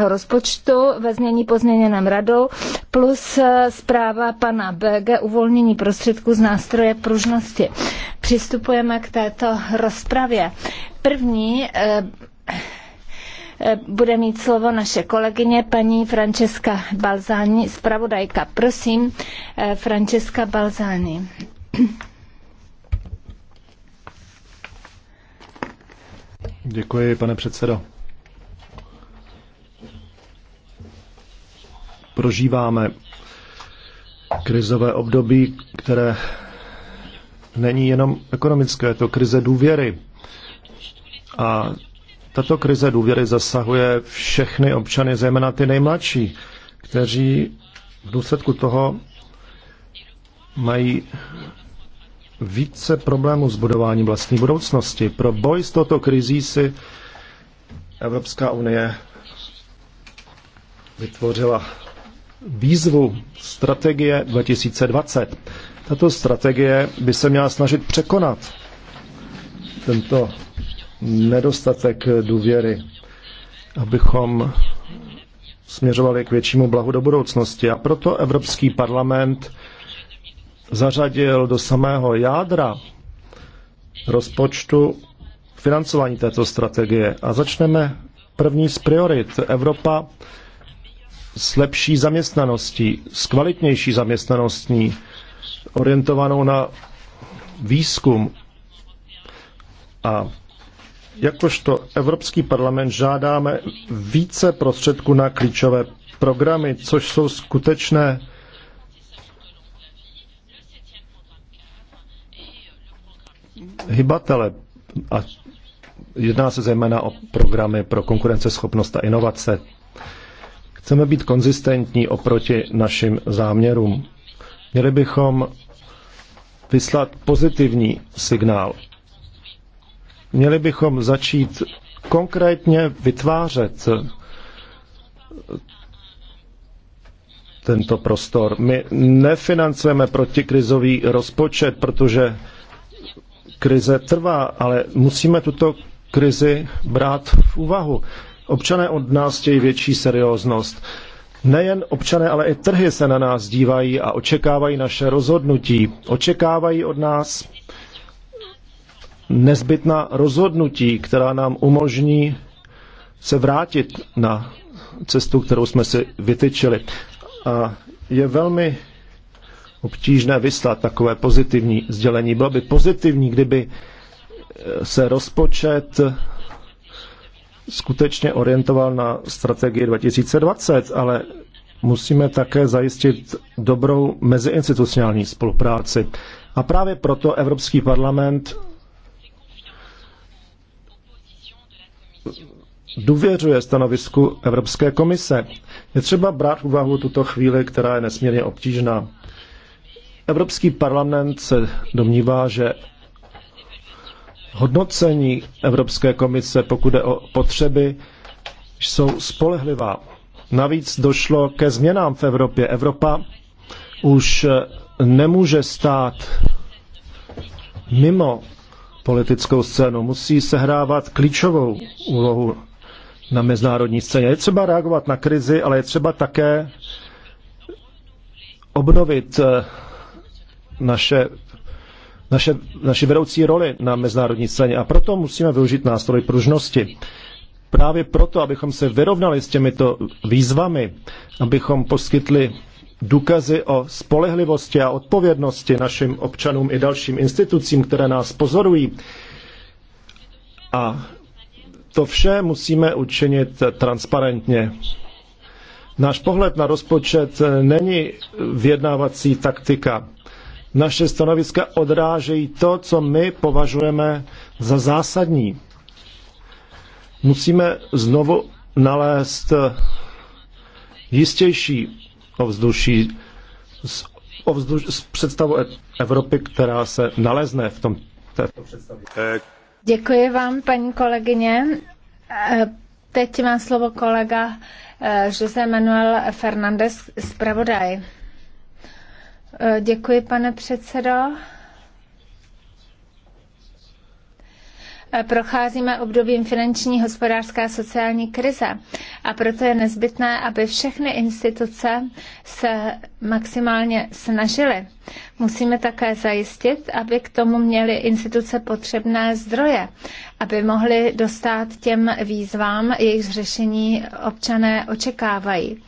státního rozpočtu ve znění pozměněném radou plus eh, zpráva pana BG uvolnění prostředků z nástroje pružnosti. Přistupujeme k této rozpravě. První eh, eh, bude mít slovo naše kolegyně paní Francesca Balzáni, zpravodajka. Prosím, Francesca Balzáni. Děkuji, pane předsedo. prožíváme krizové období, které není jenom ekonomické, je to krize důvěry. A tato krize důvěry zasahuje všechny občany, zejména ty nejmladší, kteří v důsledku toho mají více problémů s budováním vlastní budoucnosti. Pro boj s touto krizí si Evropská unie vytvořila výzvu strategie 2020. Tato strategie by se měla snažit překonat tento nedostatek důvěry, abychom směřovali k většímu blahu do budoucnosti. A proto Evropský parlament zařadil do samého jádra rozpočtu financování této strategie. A začneme první z priorit. Evropa s lepší zaměstnaností, s kvalitnější zaměstnaností, orientovanou na výzkum. A jakožto Evropský parlament žádáme více prostředků na klíčové programy, což jsou skutečné hybatele. A jedná se zejména o programy pro konkurenceschopnost a inovace. Chceme být konzistentní oproti našim záměrům. Měli bychom vyslat pozitivní signál. Měli bychom začít konkrétně vytvářet tento prostor. My nefinancujeme protikrizový rozpočet, protože krize trvá, ale musíme tuto krizi brát v úvahu. Občané od nás chtějí větší serióznost. Nejen občané, ale i trhy se na nás dívají a očekávají naše rozhodnutí. Očekávají od nás nezbytná rozhodnutí, která nám umožní se vrátit na cestu, kterou jsme si vytyčili. A je velmi obtížné vyslat takové pozitivní sdělení. Bylo by pozitivní, kdyby se rozpočet skutečně orientoval na strategii 2020, ale musíme také zajistit dobrou meziinstitucionální spolupráci. A právě proto Evropský parlament důvěřuje stanovisku Evropské komise. Je třeba brát v úvahu tuto chvíli, která je nesmírně obtížná. Evropský parlament se domnívá, že hodnocení Evropské komise, pokud jde o potřeby, jsou spolehlivá. Navíc došlo ke změnám v Evropě. Evropa už eh, nemůže stát mimo politickou scénu, musí sehrávat klíčovou úlohu na mezinárodní scéně. Je třeba reagovat na krizi, ale je třeba také obnovit eh, naše naše, naši vedoucí roli na mezinárodní scéně a proto musíme využít nástroj pružnosti. Právě proto, abychom se vyrovnali s těmito výzvami, abychom poskytli důkazy o spolehlivosti a odpovědnosti našim občanům i dalším institucím, které nás pozorují. A to vše musíme učinit transparentně. Náš pohled na rozpočet není vyjednávací taktika. Naše stanoviska odrážejí to, co my považujeme za zásadní. Musíme znovu nalézt jistější ovzduší z, ovzduš, z představu Evropy, která se nalezne v tom této představě. Děkuji vám, paní kolegyně. Teď má slovo kolega eh, José Manuel Fernández, zpravodaj. Eh, děkuji, pane předsedo. Eh, procházíme obdobím finanční, hospodářská a sociální krize a proto je nezbytné, aby všechny instituce se maximálně snažily. Musíme také zajistit, aby k tomu měly instituce potřebné zdroje, aby mohly dostat těm výzvám, jejichž řešení občané očekávají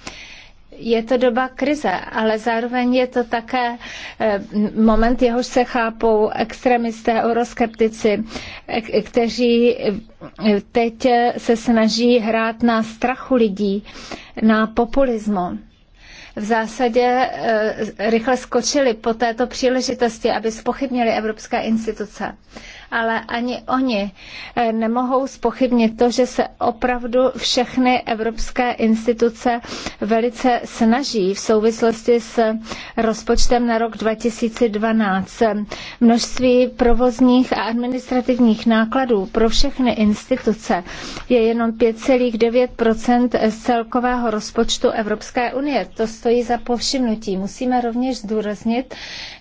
je to doba krize, ale zároveň je to také eh, moment, jehož se chápou extremisté, euroskeptici, eh, kteří eh, teď se snaží hrát na strachu lidí, na populismu v zásadě rychle skočili po této příležitosti, aby spochybnili evropské instituce ale ani oni eh, nemohou spochybnit to, že se opravdu všechny evropské instituce velice snaží v souvislosti s rozpočtem na rok 2012. Množství provozních a administrativních nákladů pro všechny instituce je jenom 5,9 z celkového rozpočtu Evropské unie. To stojí za povšimnutí. Musíme rovněž zdůraznit,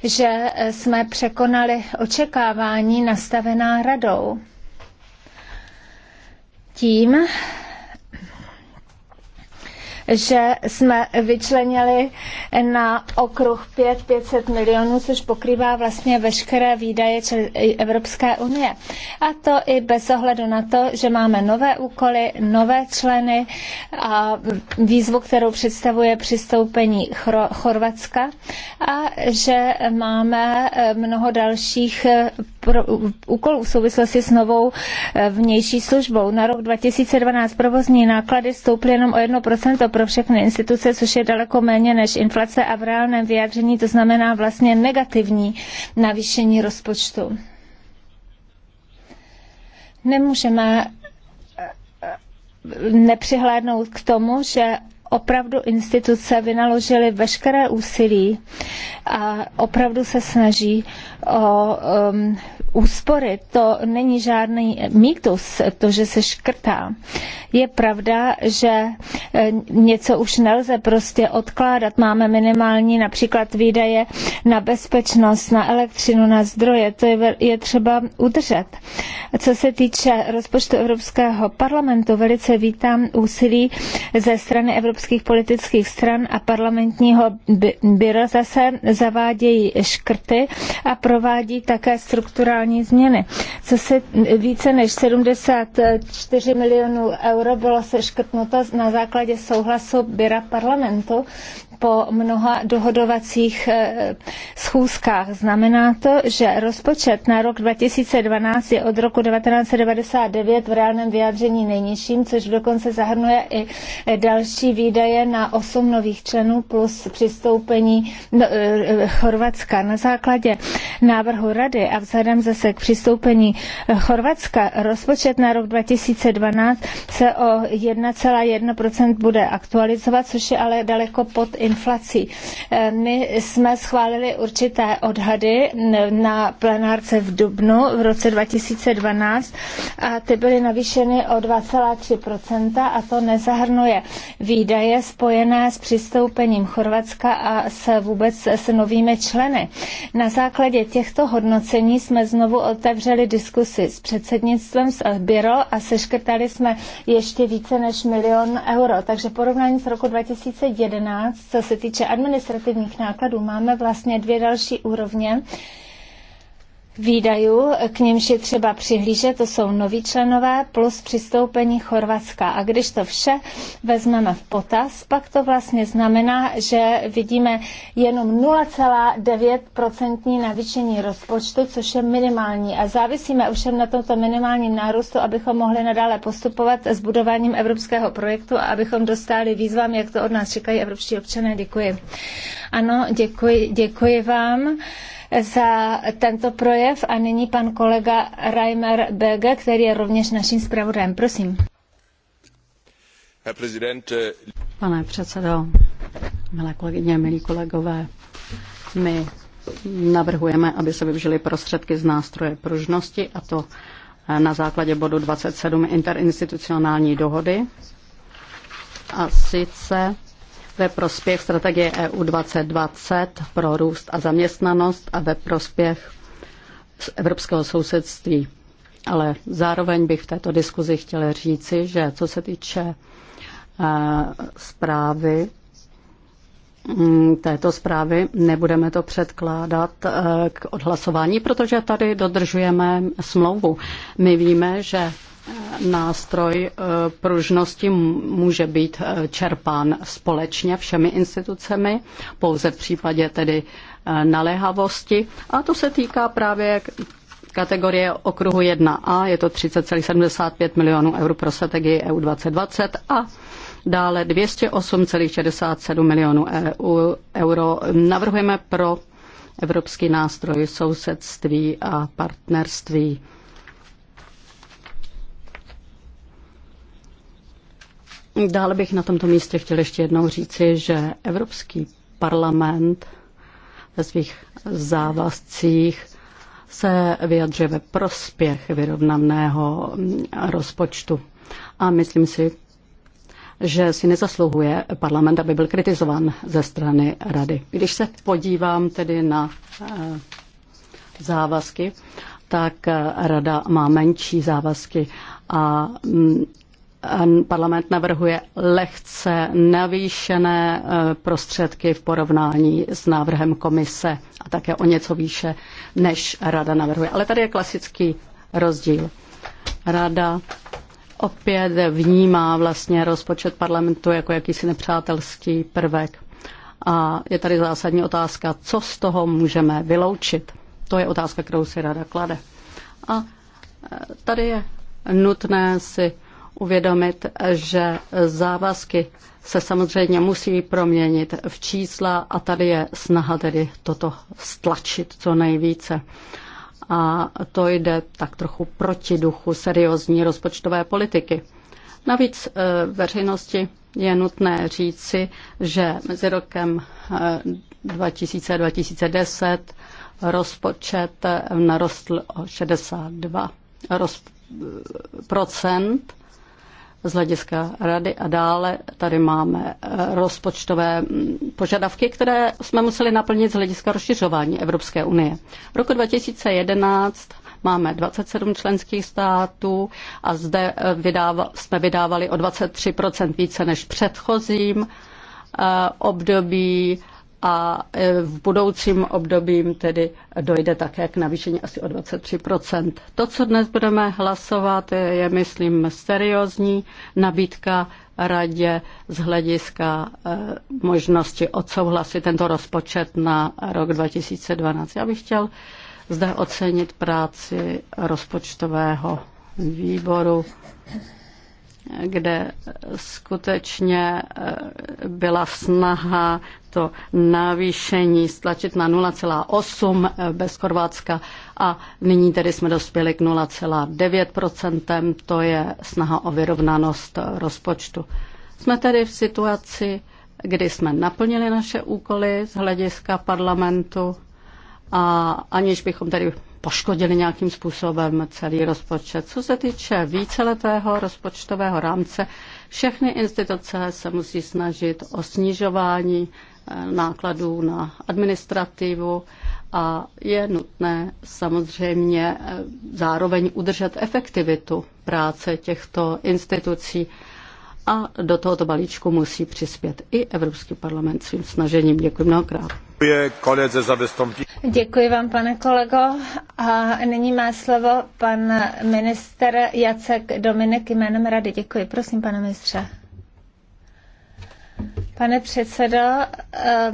že jsme překonali očekávání nastavení představená radou. Tím že jsme vyčlenili na okruh 5 500 milionů, což pokrývá vlastně veškeré výdaje Evropské unie. A to i bez ohledu na to, že máme nové úkoly, nové členy a výzvu, kterou představuje přistoupení Chorvatska a že máme eh, mnoho dalších eh, úkolů v souvislosti s novou eh, vnější službou. Na rok 2012 provozní náklady stouply jenom o 1% pro všechny instituce, což je daleko méně než inflace a v reálném vyjádření to znamená vlastně negativní navýšení rozpočtu. Nemůžeme eh, eh, nepřihlédnout k tomu, že opravdu instituce vynaložily veškeré úsilí a opravdu se snaží o um, úspory, to není žádný mýtus, to, že se škrtá. Je pravda, že e, něco už nelze prostě odkládat. Máme minimální například výdaje na bezpečnost, na elektřinu, na zdroje. To je, je třeba udržet. Co se týče rozpočtu Evropského parlamentu, velice vítám úsilí ze strany evropských politických stran a parlamentního byra zase zavádějí škrty a provádí také strukturální strukturální změny. Co se více než 74 milionů euro bylo seškrtnuto na základě souhlasu Byra parlamentu, po mnoha dohodovacích eh, schůzkách. Znamená to, že rozpočet na rok 2012 je od roku 1999 v reálném vyjádření nejnižším, což dokonce zahrnuje i eh, další výdaje na osm nových členů plus přistoupení no, eh, Chorvatska. Na základě návrhu Rady a vzhledem zase k přistoupení Chorvatska rozpočet na rok 2012 se o 1,1% bude aktualizovat, což je ale daleko pod in inflací. Eh, my jsme schválili určité odhady na plenárce v Dubnu v roce 2012 a ty byly navýšeny o 2,3% a to nezahrnuje výdaje spojené s přistoupením Chorvatska a s vůbec s novými členy. Na základě těchto hodnocení jsme znovu otevřeli diskusi s předsednictvem, s Biro a seškrtali jsme ještě více než milion euro. Takže porovnání s roku 2011 co co se týče administrativních nákladů, máme vlastně dvě další úrovně, výdajů, k němž je třeba přihlížet, to jsou noví členové plus přistoupení Chorvatska. A když to vše vezmeme v potaz, pak to vlastně znamená, že vidíme jenom 0,9% navýšení rozpočtu, což je minimální. A závisíme ovšem na tomto minimálním nárůstu, abychom mohli nadále postupovat s budováním evropského projektu a abychom dostali výzvám, jak to od nás čekají evropští občané. Děkuji. Ano, děkuji, děkuji vám za tento projev a nyní pan kolega Reimer Bege, který je rovněž naším zpravodajem. Prosím. Äh, Pane předsedo, milé kolegyně, milí kolegové, my navrhujeme, aby se využili prostředky z nástroje pružnosti a to eh, na základě bodu 27 interinstitucionální dohody a sice ve prospěch strategie EU 2020 pro růst a zaměstnanost a ve prospěch evropského sousedství. Ale zároveň bych v této diskuzi chtěla říci, že co se týče eh, zprávy, mm, této zprávy nebudeme to předkládat eh, k odhlasování, protože tady dodržujeme smlouvu. My víme, že nástroj eh, pružnosti může být eh, čerpán společně všemi institucemi, pouze v případě tedy eh, naléhavosti. A to se týká právě kategorie okruhu 1a, je to 30,75 milionů eur pro strategii EU 2020 a dále 208,67 milionů e-, euro navrhujeme pro Evropský nástroj sousedství a partnerství. Dále bych na tomto místě chtěl ještě jednou říci, že Evropský parlament ve svých závazcích se vyjadřuje ve prospěch vyrovnaného rozpočtu. A myslím si, že si nezasluhuje parlament, aby byl kritizován ze strany rady. Když se podívám tedy na eh, závazky, tak eh, rada má menší závazky a mm, Ehm, parlament navrhuje lehce navýšené eh, prostředky v porovnání s návrhem komise a také o něco výše, než rada navrhuje. Ale tady je klasický rozdíl. Rada opět vnímá vlastně rozpočet parlamentu jako jakýsi nepřátelský prvek. A je tady zásadní otázka, co z toho můžeme vyloučit. To je otázka, kterou si rada klade. A eh, tady je nutné si uvědomit, že závazky se samozřejmě musí proměnit v čísla a tady je snaha tedy toto stlačit co nejvíce. A to jde tak trochu proti duchu seriózní rozpočtové politiky. Navíc eh, veřejnosti je nutné říci, že mezi rokem 2000 eh, 2010 rozpočet eh, narostl o 62 procent z hlediska rady a dále tady máme eh, rozpočtové mm, požadavky, které jsme museli naplnit z hlediska rozšiřování Evropské unie. V roku 2011 máme 27 členských států a zde eh, vydáva, jsme vydávali o 23 více než v předchozím eh, období a e, v budoucím obdobím tedy dojde také k navýšení asi o 23 To, co dnes budeme hlasovat, je, myslím, seriózní nabídka radě z hlediska e, možnosti odsouhlasit tento rozpočet na rok 2012. Já bych chtěl zde ocenit práci rozpočtového výboru kde skutečně eh, byla snaha to navýšení stlačit na 0,8 eh, bez Chorvatska a nyní tedy jsme dospěli k 0,9%, to je snaha o vyrovnanost rozpočtu. Jsme tedy v situaci, kdy jsme naplnili naše úkoly z hlediska parlamentu a aniž bychom tedy poškodili nějakým způsobem celý rozpočet. Co se týče víceletého rozpočtového rámce, všechny instituce se musí snažit o snižování eh, nákladů na administrativu a je nutné samozřejmě eh, zároveň udržet efektivitu práce těchto institucí. A do tohoto balíčku musí přispět i Evropský parlament svým snažením. Děkuji mnohokrát. Děkuji vám, pane kolego. A nyní má slovo pan minister Jacek Dominik jménem Rady. Děkuji. Prosím, pane ministře. Pane předsedo, eh,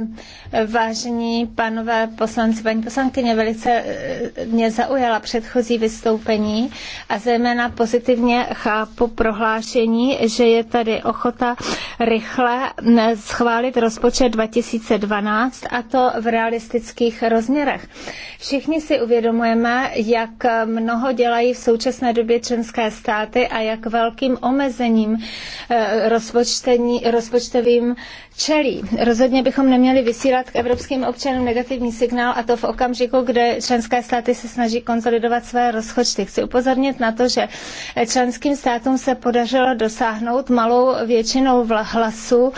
vážení pánové poslanci, paní poslankyně, velice eh, mě zaujala předchozí vystoupení a zejména pozitivně chápu prohlášení, že je tady ochota rychle eh, schválit rozpočet 2012 a to v realistických rozměrech. Všichni si uvědomujeme, jak mnoho dělají v současné době členské státy a jak velkým omezením rozpočtení, rozpočtový kterým čelí. Rozhodně bychom neměli vysílat k evropským občanům negativní signál a to v okamžiku, kde členské státy se snaží konsolidovat své rozpočty. Chci upozornit na to, že členským státům se podařilo dosáhnout malou většinou hlasu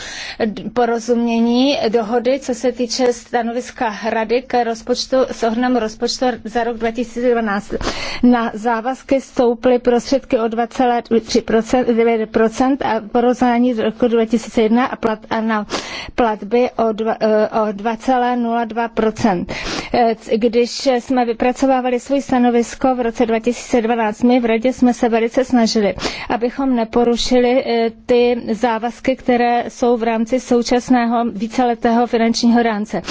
porozumění dohody, co se týče stanoviska Rady k rozpočtu s ohnem rozpočtu za rok 2012. Na závazky stouply prostředky o 2,3% a porozumění z roku 2001 a plat, na platby o, dva, eh, o 2,02%. Eh, když jsme vypracovávali svůj stanovisko v roce 2012, my v radě jsme se velice snažili, abychom neporušili eh, ty závazky, které jsou v rámci současného víceletého finančního rámce.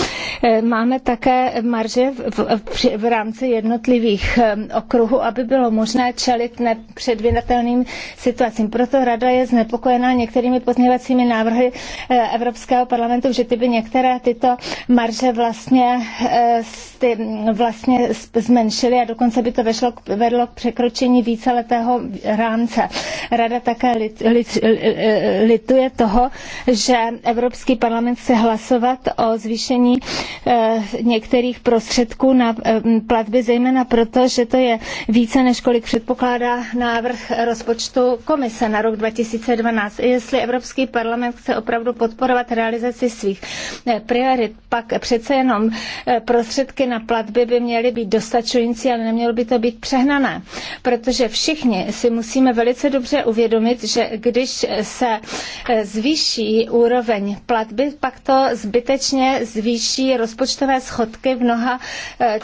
Máme také marže v, v, v rámci jednotlivých okruhů, aby bylo možné čelit nepředvídatelným situacím. Proto rada je znepokojená některými pozměvacími návrhy, Eh, Evropského parlamentu, že ty by některé tyto marže vlastně, eh, ty vlastně zmenšily a dokonce by to vešlo, vedlo k překročení víceletého rámce. Rada také lit, lit, eh, lituje toho, že Evropský parlament chce hlasovat o zvýšení některých prostředků na platby, zejména proto, že to je více, než kolik předpokládá návrh rozpočtu komise na rok 2012. Jestli Evropský parlament chce opravdu opravdu podporovat realizaci svých eh, priorit. Pak přece jenom eh, prostředky na platby by měly být dostačující, ale nemělo by to být přehnané, protože všichni si musíme velice dobře uvědomit, že když se eh, zvýší úroveň platby, pak to zbytečně zvýší rozpočtové schodky v mnoha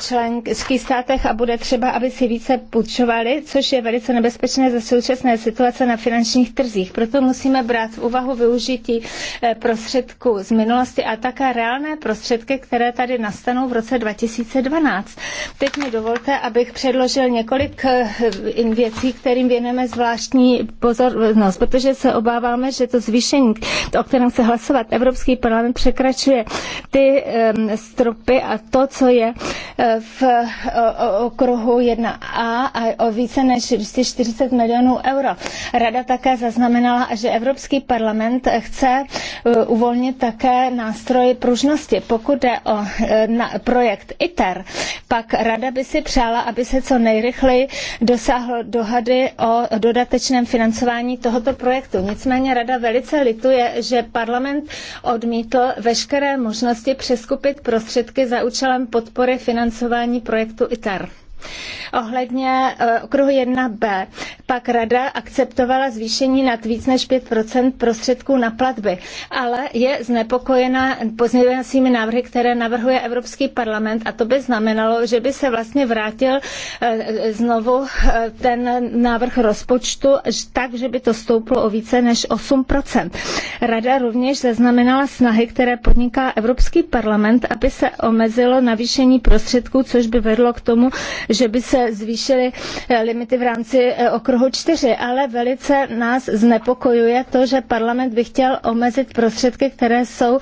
členských státech a bude třeba, aby si více půjčovali, což je velice nebezpečné za současné situace na finančních trzích. Proto musíme brát v úvahu využití Eh, prostředků z minulosti a také reálné prostředky, které tady nastanou v roce 2012. Teď mi dovolte, abych předložil několik eh, věcí, kterým věneme zvláštní pozornost, protože se obáváme, že to zvýšení, o kterém se hlasovat Evropský parlament překračuje ty stropy a to, co je eh, v okruhu 1A a o více než 240 milionů euro. Rada také zaznamenala, že Evropský parlament chce Eh, uvolnit také nástroj pružnosti. Pokud jde o eh, projekt ITER, pak rada by si přála, aby se co nejrychleji dosáhlo dohady o dodatečném financování tohoto projektu. Nicméně rada velice lituje, že parlament odmítl veškeré možnosti přeskupit prostředky za účelem podpory financování projektu ITER. Ohledně eh, okruhu 1b pak rada akceptovala zvýšení nad víc než 5 prostředků na platby, ale je znepokojena pozměňovacími návrhy, které navrhuje Evropský parlament a to by znamenalo, že by se vlastně vrátil eh, znovu eh, ten návrh rozpočtu tak, že by to stouplo o více než 8 Rada rovněž zaznamenala snahy, které podniká Evropský parlament, aby se omezilo navýšení prostředků, což by vedlo k tomu, že by se zvýšily eh, limity v rámci eh, okruhu 4, ale velice nás znepokojuje to, že parlament by chtěl omezit prostředky, které jsou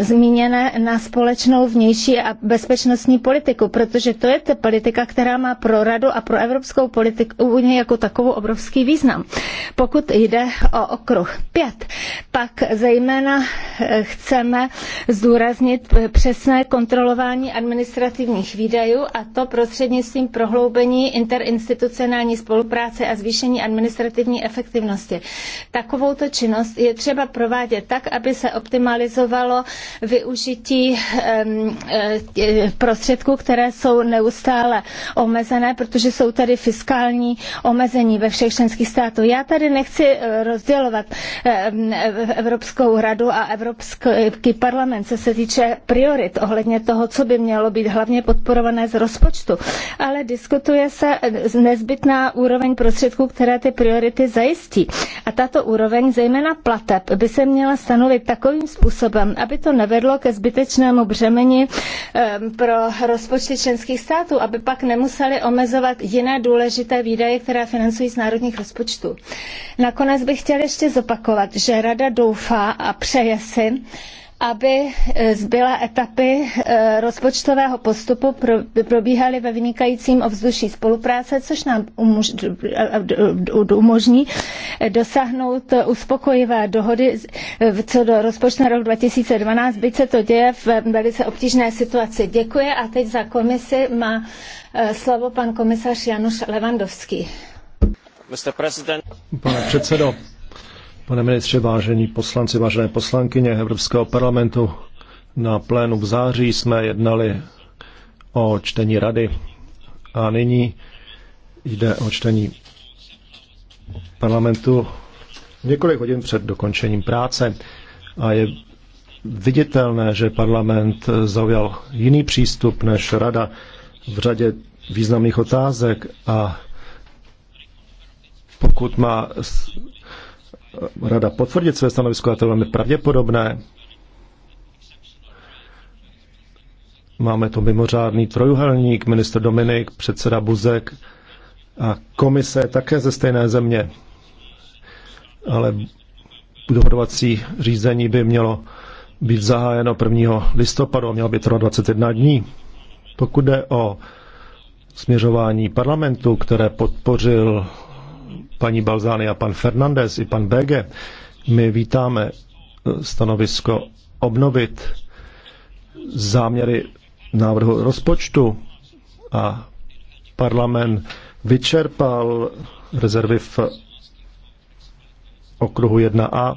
zmíněné na společnou vnější a bezpečnostní politiku, protože to je ta politika, která má pro radu a pro evropskou politiku unii jako takovou obrovský význam. Pokud jde o okruh 5, pak zejména eh, chceme zdůraznit přesné kontrolování administrativních výdajů a to prostřednictvím především prohloubení interinstitucionální spolupráce a zvýšení administrativní efektivnosti. Takovouto činnost je třeba provádět tak, aby se optimalizovalo využití e, prostředků, které jsou neustále omezené, protože jsou tady fiskální omezení ve všech členských států. Já tady nechci e, rozdělovat Evropskou radu a Evropský parlament, co se týče priorit ohledně toho, co by mělo být hlavně podporované z rozpočtu. Ale ale diskutuje se eh, nezbytná úroveň prostředků, které ty priority zajistí. A tato úroveň, zejména plateb, by se měla stanovit takovým způsobem, aby to nevedlo ke zbytečnému břemeni ehm, pro rozpočty členských států, aby pak nemuseli omezovat jiné důležité výdaje, které financují z národních rozpočtů. Nakonec bych chtěla ještě zopakovat, že Rada doufá a přeje si, aby e, zbylé etapy e, rozpočtového postupu probíhaly ve vynikajícím ovzduší spolupráce, což nám umožní dosáhnout uspokojivé dohody co do rozpočtu na rok 2012, byť se to děje v velice obtížné situaci. Děkuji a teď za komisi má e, slovo pan komisař Januš Levandovský. Pane předsedo, Pane ministře, vážení poslanci, vážené poslankyně Evropského parlamentu, na plénu v září jsme jednali o čtení rady a nyní jde o čtení parlamentu několik hodin před dokončením práce a je viditelné, že parlament zaujal jiný přístup než rada v řadě významných otázek a pokud má rada potvrdit své stanovisko, a to je velmi pravděpodobné. Máme to mimořádný trojuhelník, minister Dominik, předseda Buzek a komise také ze stejné země. Ale dohodovací řízení by mělo být zahájeno 1. listopadu a mělo by trvat 21 dní. Pokud jde o směřování parlamentu, které podpořil paní Balzány a pan Fernandez i pan Bege, my vítáme eh, stanovisko obnovit záměry návrhu rozpočtu a parlament vyčerpal rezervy v okruhu 1a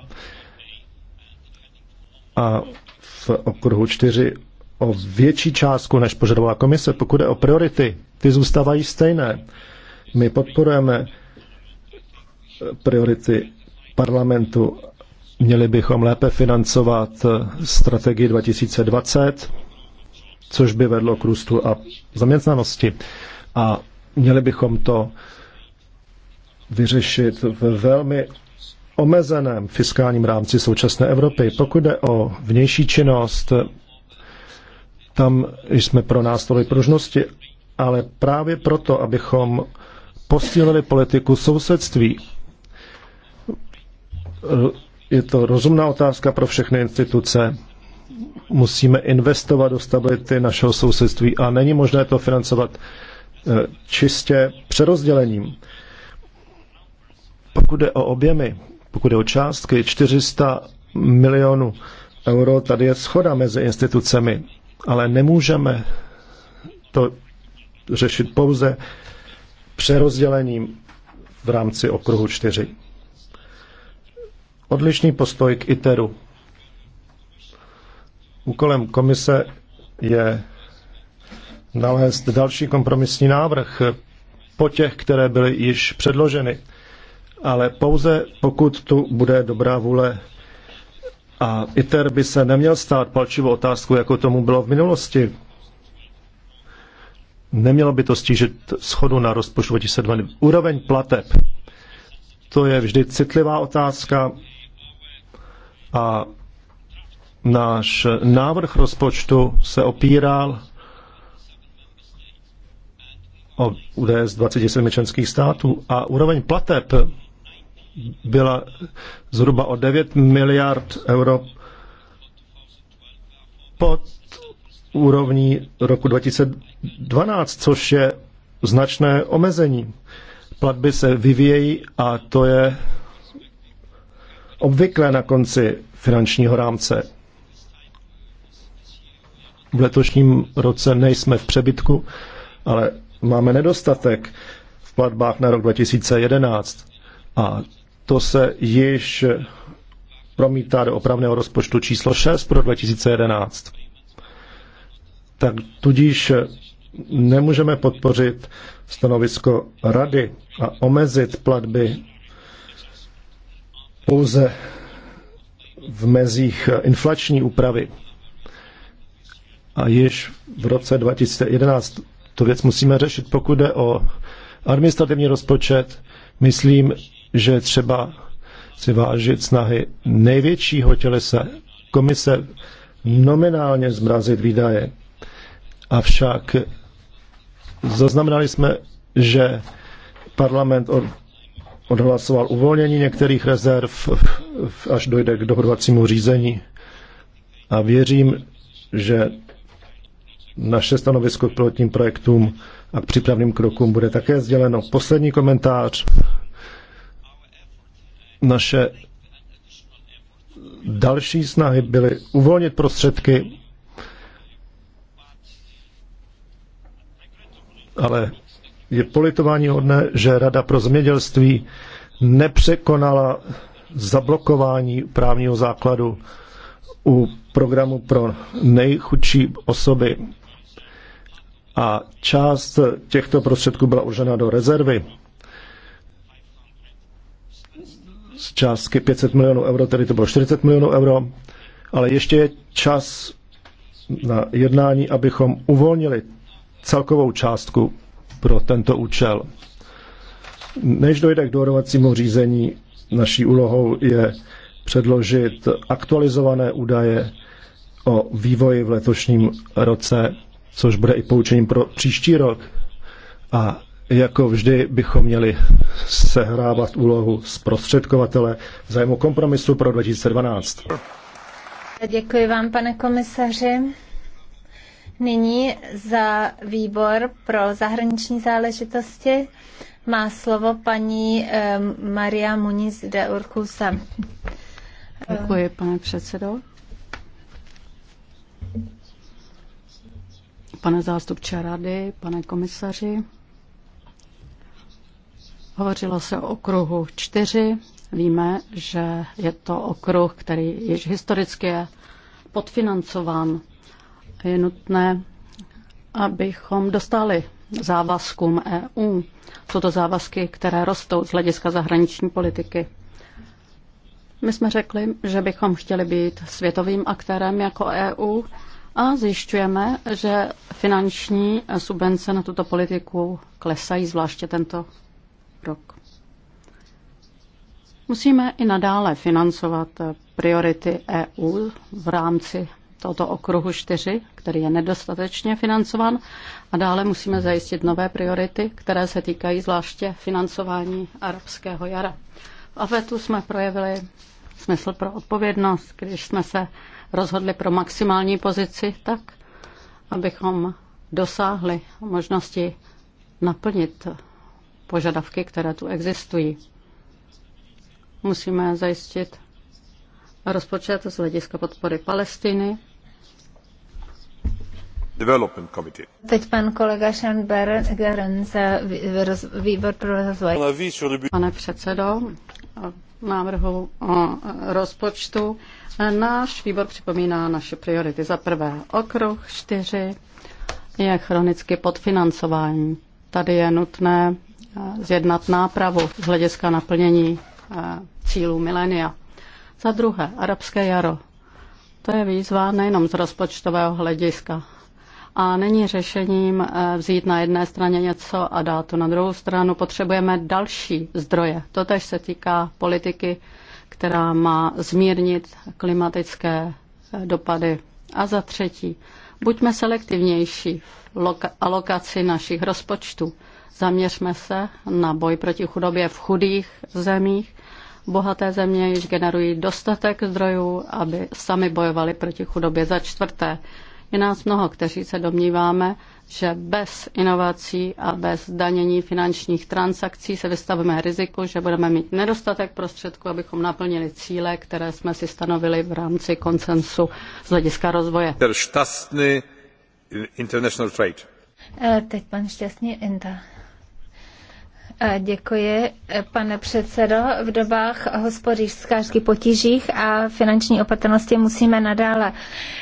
a v okruhu 4 o větší částku, než požadovala komise. Pokud je o priority, ty zůstávají stejné. My podporujeme priority parlamentu. Měli bychom lépe financovat strategii 2020, což by vedlo k růstu a zaměstnanosti. A měli bychom to vyřešit v velmi omezeném fiskálním rámci současné Evropy. Pokud jde o vnější činnost, tam jsme pro nás nástroj pružnosti, ale právě proto, abychom posílili politiku sousedství je to rozumná otázka pro všechny instituce. Musíme investovat do stability našeho sousedství a není možné to financovat eh, čistě přerozdělením. Pokud jde o objemy, pokud jde o částky, 400 milionů euro, tady je schoda mezi institucemi, ale nemůžeme to řešit pouze přerozdělením v rámci okruhu 4 odlišný postoj k ITERu. Úkolem komise je nalézt další kompromisní návrh po těch, které byly již předloženy. Ale pouze pokud tu bude dobrá vůle a ITER by se neměl stát palčivou otázkou, jako tomu bylo v minulosti. Nemělo by to stížit schodu na rozpočtu 2020. Úroveň plateb. To je vždy citlivá otázka a náš návrh rozpočtu se opíral o UDS 27 členských států a úroveň plateb byla zhruba o 9 miliard euro pod úrovní roku 2012, což je značné omezení. Platby se vyvíjejí a to je obvykle na konci finančního rámce. V letošním roce nejsme v přebytku, ale máme nedostatek v platbách na rok 2011 a to se již promítá do opravného rozpočtu číslo 6 pro 2011. Tak tudíž nemůžeme podpořit stanovisko rady a omezit platby pouze v mezích eh, inflační úpravy. A již v roce 2011 tu věc musíme řešit. Pokud jde o administrativní rozpočet, myslím, že třeba si vážit snahy největšího tělesa komise nominálně zmrazit výdaje. Avšak zaznamenali jsme, že parlament odhlasoval uvolnění některých rezerv, až dojde k dohodovacímu řízení. A věřím, že naše stanovisko k pilotním projektům a k přípravným krokům bude také sděleno. Poslední komentář. Naše další snahy byly uvolnit prostředky, ale je politování hodné, že Rada pro zemědělství nepřekonala zablokování právního základu u programu pro nejchudší osoby. A část těchto prostředků byla uržena do rezervy z částky 500 milionů euro, tedy to bylo 40 milionů euro, ale ještě je čas na jednání, abychom uvolnili celkovou částku pro tento účel. Než dojde k dohodovacímu řízení, naší úlohou je předložit aktualizované údaje o vývoji v letošním roce, což bude i poučením pro příští rok. A jako vždy bychom měli sehrávat úlohu zprostředkovatele zájmu kompromisu pro 2012. Děkuji vám, pane komisaři. Nyní za výbor pro zahraniční záležitosti má slovo paní eh, Maria Muniz de Urkusa. Děkuji, pane předsedo. Pane zástupče rady, pane komisaři, hovořilo se o okruhu čtyři. Víme, že je to okruh, který již historicky je podfinancován je nutné, abychom dostali závazkům EU. Jsou to závazky, které rostou z hlediska zahraniční politiky. My jsme řekli, že bychom chtěli být světovým aktérem jako EU a zjišťujeme, že finanční subvence na tuto politiku klesají, zvláště tento rok. Musíme i nadále financovat priority EU v rámci tohoto okruhu 4, který je nedostatečně financovan. A dále musíme zajistit nové priority, které se týkají zvláště financování arabského jara. V Avetu jsme projevili smysl pro odpovědnost, když jsme se rozhodli pro maximální pozici, tak abychom dosáhli možnosti naplnit požadavky, které tu existují. Musíme zajistit rozpočet z hlediska podpory Palestiny Development Committee. Teď pan kolega Sean za výbor pro rozvoj. Pane předsedo, návrhu o rozpočtu. Náš výbor připomíná naše priority. Za prvé okruh čtyři je chronicky podfinancování. Tady je nutné eh, zjednat nápravu z hlediska naplnění eh, cílů milénia. Za druhé, arabské jaro. To je výzva nejenom z rozpočtového hlediska, a není řešením eh, vzít na jedné straně něco a dát to na druhou stranu. Potřebujeme další zdroje. To tež se týká politiky, která má zmírnit klimatické eh, dopady. A za třetí, buďme selektivnější v alokaci našich rozpočtů. Zaměřme se na boj proti chudobě v chudých zemích. Bohaté země již generují dostatek zdrojů, aby sami bojovali proti chudobě. Za čtvrté, je nás mnoho, kteří se domníváme, že bez inovací a bez danění finančních transakcí se vystavíme riziku, že budeme mít nedostatek prostředků, abychom naplnili cíle, které jsme si stanovili v rámci konsensu z hlediska rozvoje. Šťastný international trade. Eh, teď pan Šťastný Enda. Děkuji, pane předsedo. V dobách hospodářských potížích a finanční opatrnosti musíme nadále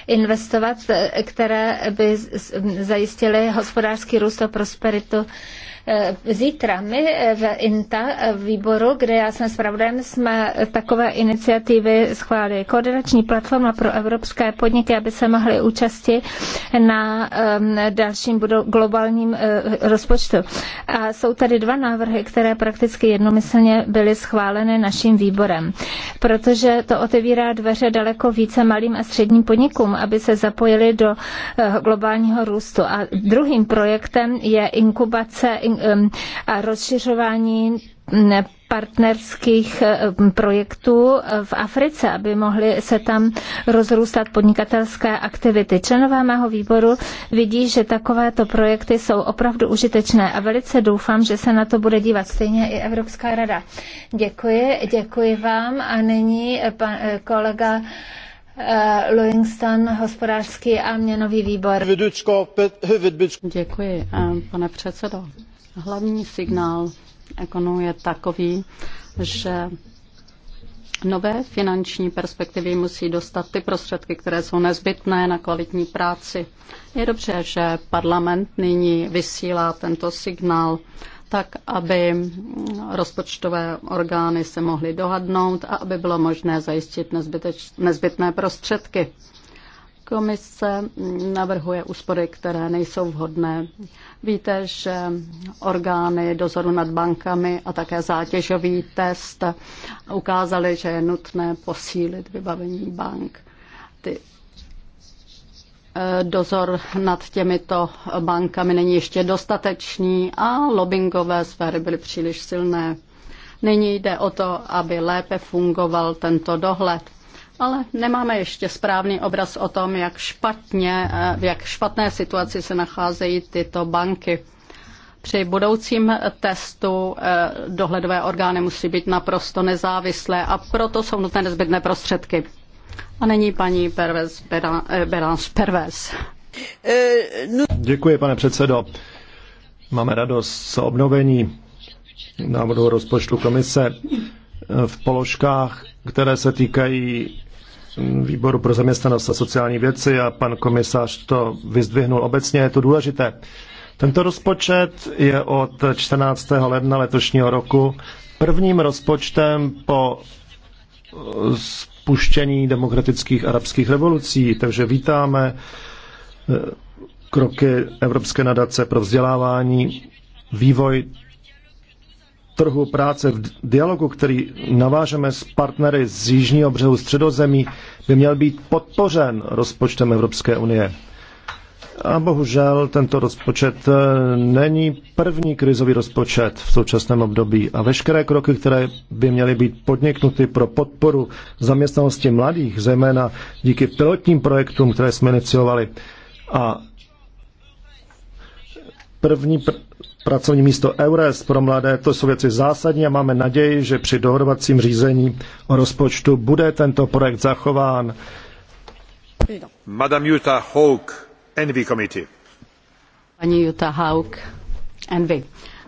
investovat, které by zajistily hospodářský růst a prosperitu Eh, zítra my eh, v INTA eh, výboru, kde já jsem zpravodajem, jsme takové iniciativy schválili. Koordinační platforma pro evropské podniky, aby se mohly účasti na ehm, dalším globálním rozpočtu. A jsou tady dva návrhy, které prakticky jednomyslně byly schváleny naším výborem, protože to otevírá dveře daleko více malým a středním podnikům, aby se zapojili do globálního růstu. A druhým projektem je inkubace Um, a rozšiřování mm, partnerských um, projektů uh, v Africe, aby mohly se tam rozrůstat podnikatelské aktivity. Členové mého výboru vidí, že takovéto projekty jsou opravdu užitečné a velice doufám, že se na to bude dívat stejně i Evropská rada. Děkuji, děkuji vám a nyní eh, pan, eh, kolega eh, Livingston, hospodářský a měnový výbor. Děkuji, pane předsedo. Hlavní signál ekonomů je takový, že nové finanční perspektivy musí dostat ty prostředky, které jsou nezbytné na kvalitní práci. Je dobře, že parlament nyní vysílá tento signál tak, aby rozpočtové orgány se mohly dohadnout a aby bylo možné zajistit nezbytečné, nezbytné prostředky. Komise navrhuje úspory, které nejsou vhodné. Víte, že orgány dozoru nad bankami a také zátěžový test ukázaly, že je nutné posílit vybavení bank. Ty eh, dozor nad těmito bankami není ještě dostatečný a lobbyingové sféry byly příliš silné. Nyní jde o to, aby lépe fungoval tento dohled ale nemáme ještě správný obraz o tom, jak špatně, eh, v jak špatné situaci se nacházejí tyto banky. Při budoucím testu eh, dohledové orgány musí být naprosto nezávislé a proto jsou nutné nezbytné prostředky. A není paní Pervez, Berange eh, Pervez. Děkuji, pane předsedo. Máme radost z obnovení návodu rozpočtu komise v položkách, které se týkají výboru pro zaměstnanost a sociální věci a pan komisář to vyzdvihnul obecně, je to důležité. Tento rozpočet je od 14. ledna letošního roku prvním rozpočtem po eh, spuštění demokratických arabských revolucí, takže vítáme eh, kroky Evropské nadace pro vzdělávání, vývoj trhu práce v dialogu, který navážeme s partnery z jižního břehu středozemí, by měl být podpořen rozpočtem Evropské unie. A bohužel tento rozpočet eh, není první krizový rozpočet v současném období a veškeré kroky, které by měly být podniknuty pro podporu zaměstnanosti mladých, zejména díky pilotním projektům, které jsme iniciovali a první pr- pracovní místo EURES pro mladé, to jsou věci zásadní a máme naději, že při dohodovacím řízení o rozpočtu bude tento projekt zachován. Madame Jutta Hauk, Envy Committee. Paní Jutta Hauk, Envy.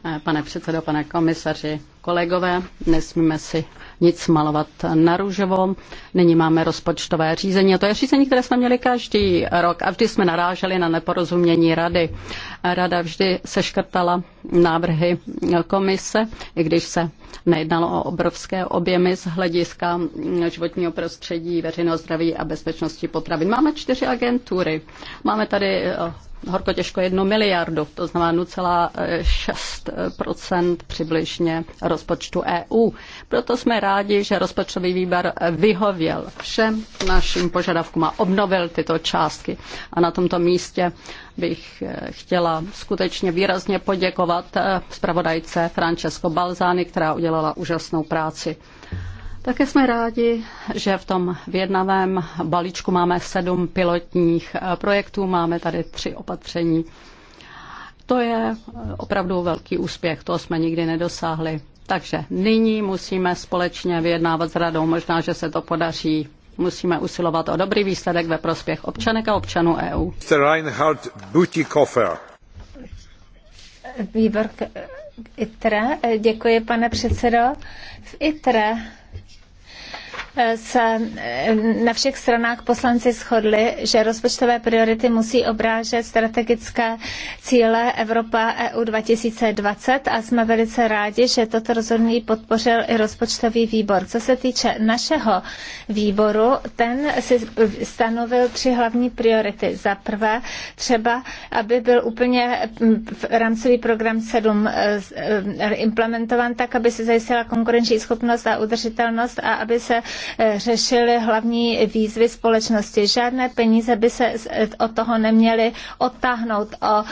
Eh, pane předsedo, pane komisaři, kolegové, nesmíme si nic malovat na růžovo. Nyní máme rozpočtové řízení a to je řízení, které jsme měli každý rok a vždy jsme naráželi na neporozumění rady. Rada vždy seškrtala návrhy komise, i když se nejednalo o obrovské objemy z hlediska životního prostředí, veřejného zdraví a bezpečnosti potravin. Máme čtyři agentury. Máme tady eh, horko těžko jednu miliardu, to znamená 0,6 přibližně rozpočtu EU. Proto jsme rádi, že rozpočtový výbor vyhověl všem našim požadavkům a obnovil tyto částky. A na tomto místě bych eh, chtěla skutečně výrazně poděkovat eh, zpravodajce Francesco Balzány, která udělala úžasnou práci. Také jsme rádi, že v tom vědnavém balíčku máme sedm pilotních eh, projektů, máme tady tři opatření. To je eh, opravdu velký úspěch, to jsme nikdy nedosáhli. Takže nyní musíme společně vyjednávat s radou, možná, že se to podaří. Musíme usilovat o dobrý výsledek ve prospěch občanek a občanů EU. Mr. Reinhard Butikofer. Výbor ITRE, děkuji pane předsedo. V ITRE se na všech stranách poslanci shodli, že rozpočtové priority musí obrážet strategické cíle Evropa EU 2020 a jsme velice rádi, že toto rozhodnutí podpořil i rozpočtový výbor. Co se týče našeho výboru, ten si stanovil tři hlavní priority. Za prvé, třeba, aby byl úplně rámcový program 7 eh, implementován tak, aby se zajistila konkurenční schopnost a udržitelnost a aby se řešili hlavní výzvy společnosti. Žádné peníze by se od toho neměly odtáhnout o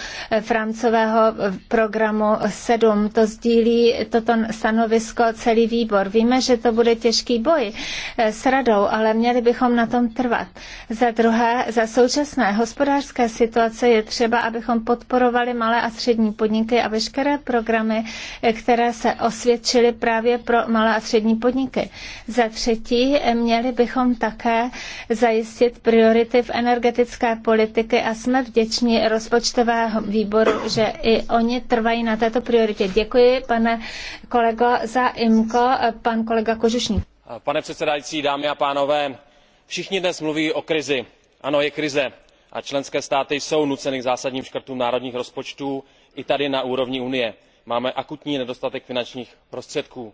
francového programu 7. To sdílí toto stanovisko celý výbor. Víme, že to bude těžký boj eh, s radou, ale měli bychom na tom trvat. Za druhé, za současné hospodářské situace je třeba, abychom podporovali malé a střední podniky a veškeré programy, eh, které se osvědčily právě pro malé a střední podniky. Za třetí, měli bychom také zajistit priority v energetické politiky a jsme vděční rozpočtového výboru, že i oni trvají na této prioritě. Děkuji, pane kolego, za IMKO, pan kolega Kožušník. Pane předsedající, dámy a pánové, všichni dnes mluví o krizi. Ano, je krize a členské státy jsou nuceny k zásadním škrtům národních rozpočtů i tady na úrovni unie máme akutní nedostatek finančních prostředků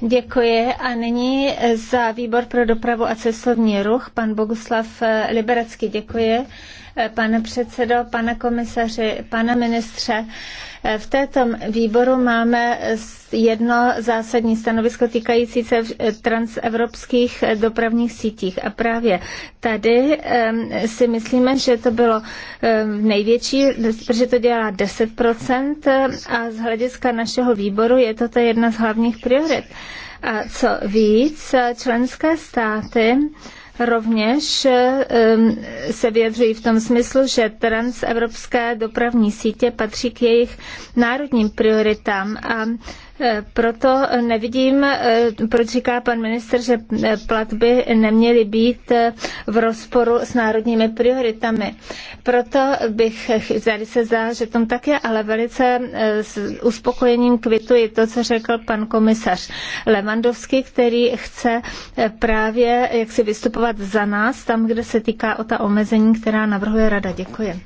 Děkuji a nyní za výbor pro dopravu a cestovní ruch pan Boguslav Liberecký děkuji pane předsedo, pane komisaři, pane ministře. V této výboru máme jedno zásadní stanovisko týkající se transevropských dopravních sítích. A právě tady si myslíme, že to bylo největší, protože to dělá 10% a z hlediska našeho výboru je to jedna z hlavních priorit. A co víc, členské státy Rovněž ehm, se vyjadřují v tom smyslu, že transevropské dopravní sítě patří k jejich národním prioritám a Eh, proto nevidím, eh, proč říká pan minister, že eh, platby neměly být v rozporu s národními prioritami. Proto bych, zdali se zdá, že tom tak je, ale velice s uspokojením kvituji to, co řekl pan komisař Levandovský, který chce právě jak si vystupovat za nás, tam, kde se týká o ta omezení, která navrhuje rada. Děkuji.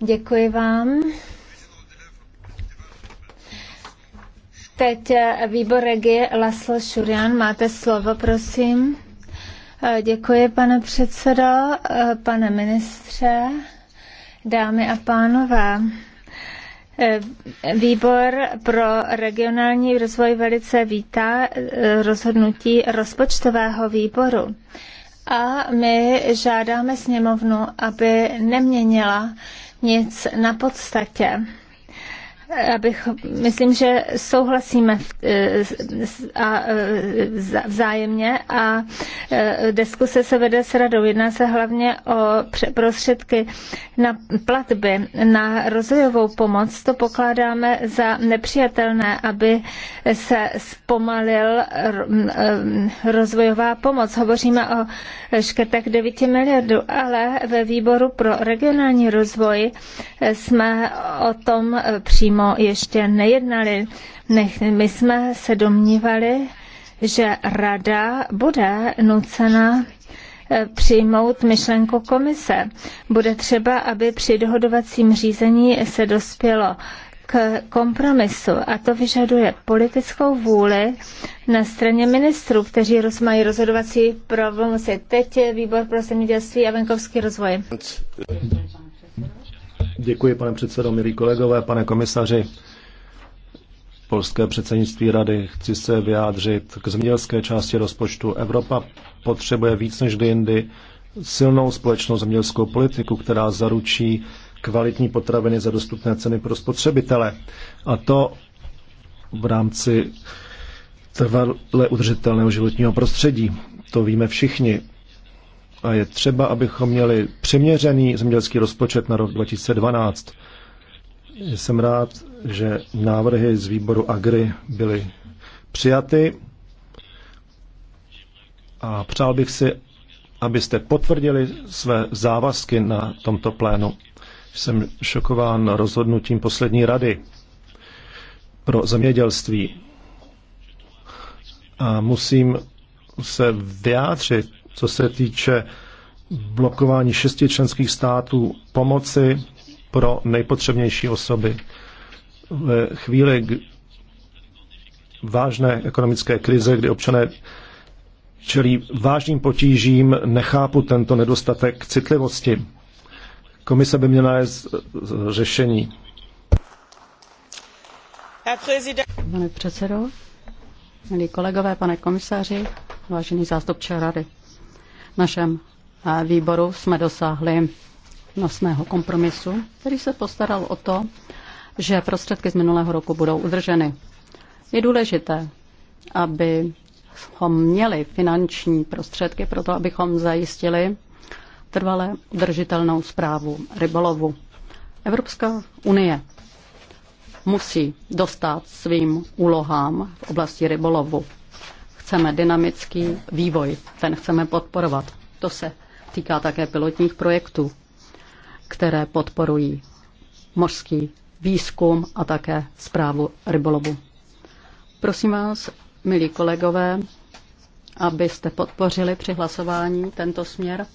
Děkuji vám. Teď eh, výbor regie Laslo Šurian, máte slovo, prosím. Eh, děkuji, pane předsedo, eh, pane ministře, dámy a pánové. Výbor pro regionální rozvoj velice vítá rozhodnutí rozpočtového výboru. A my žádáme sněmovnu, aby neměnila nic na podstatě abych, myslím, že souhlasíme eh, a eh, vzájemně a eh, diskuse se vede s radou. Jedná se hlavně o prostředky na platby, na rozvojovou pomoc. To pokládáme za nepřijatelné, aby se zpomalil rozvojová pomoc. Hovoříme o škrtech 9 miliardů, ale ve výboru pro regionální rozvoj jsme o tom přímo přímo ještě nejednali. My jsme se domnívali, že rada bude nucena eh, přijmout myšlenku komise. Bude třeba, aby při dohodovacím řízení se dospělo k kompromisu a to vyžaduje politickou vůli na straně ministrů, kteří mají rozhodovací pravomoci. Teď je výbor pro zemědělství a venkovský rozvoj. Děkuji, pane předsedo, milí kolegové, pane komisaři. Polské předsednictví rady chci se vyjádřit k zemědělské části rozpočtu. Evropa potřebuje víc než kdy jindy silnou společnou zemědělskou politiku, která zaručí kvalitní potraviny za dostupné ceny pro spotřebitele. A to v rámci trvale udržitelného životního prostředí. To víme všichni a je třeba, abychom měli přiměřený zemědělský rozpočet na rok 2012. Jsem rád, že návrhy z výboru Agri byly přijaty a přál bych si, abyste potvrdili své závazky na tomto plénu. Jsem šokován rozhodnutím poslední rady pro zemědělství. A musím se vyjádřit co se týče blokování šesti členských států pomoci pro nejpotřebnější osoby. V chvíli vážné ekonomické krize, kdy občané čelí vážným potížím, nechápu tento nedostatek citlivosti. Komise by měla najít řešení. Pane předsedo, milí kolegové, pane komisaři, vážený zástupče rady našem eh, výboru jsme dosáhli nosného kompromisu, který se postaral o to, že prostředky z minulého roku budou udrženy. Je důležité, aby měli finanční prostředky pro to, abychom zajistili trvale udržitelnou zprávu rybolovu. Evropská unie musí dostat svým úlohám v oblasti rybolovu chceme dynamický vývoj, ten chceme podporovat. To se týká také pilotních projektů, které podporují mořský výzkum a také zprávu rybolovu. Prosím vás, milí kolegové, abyste podpořili při hlasování tento směr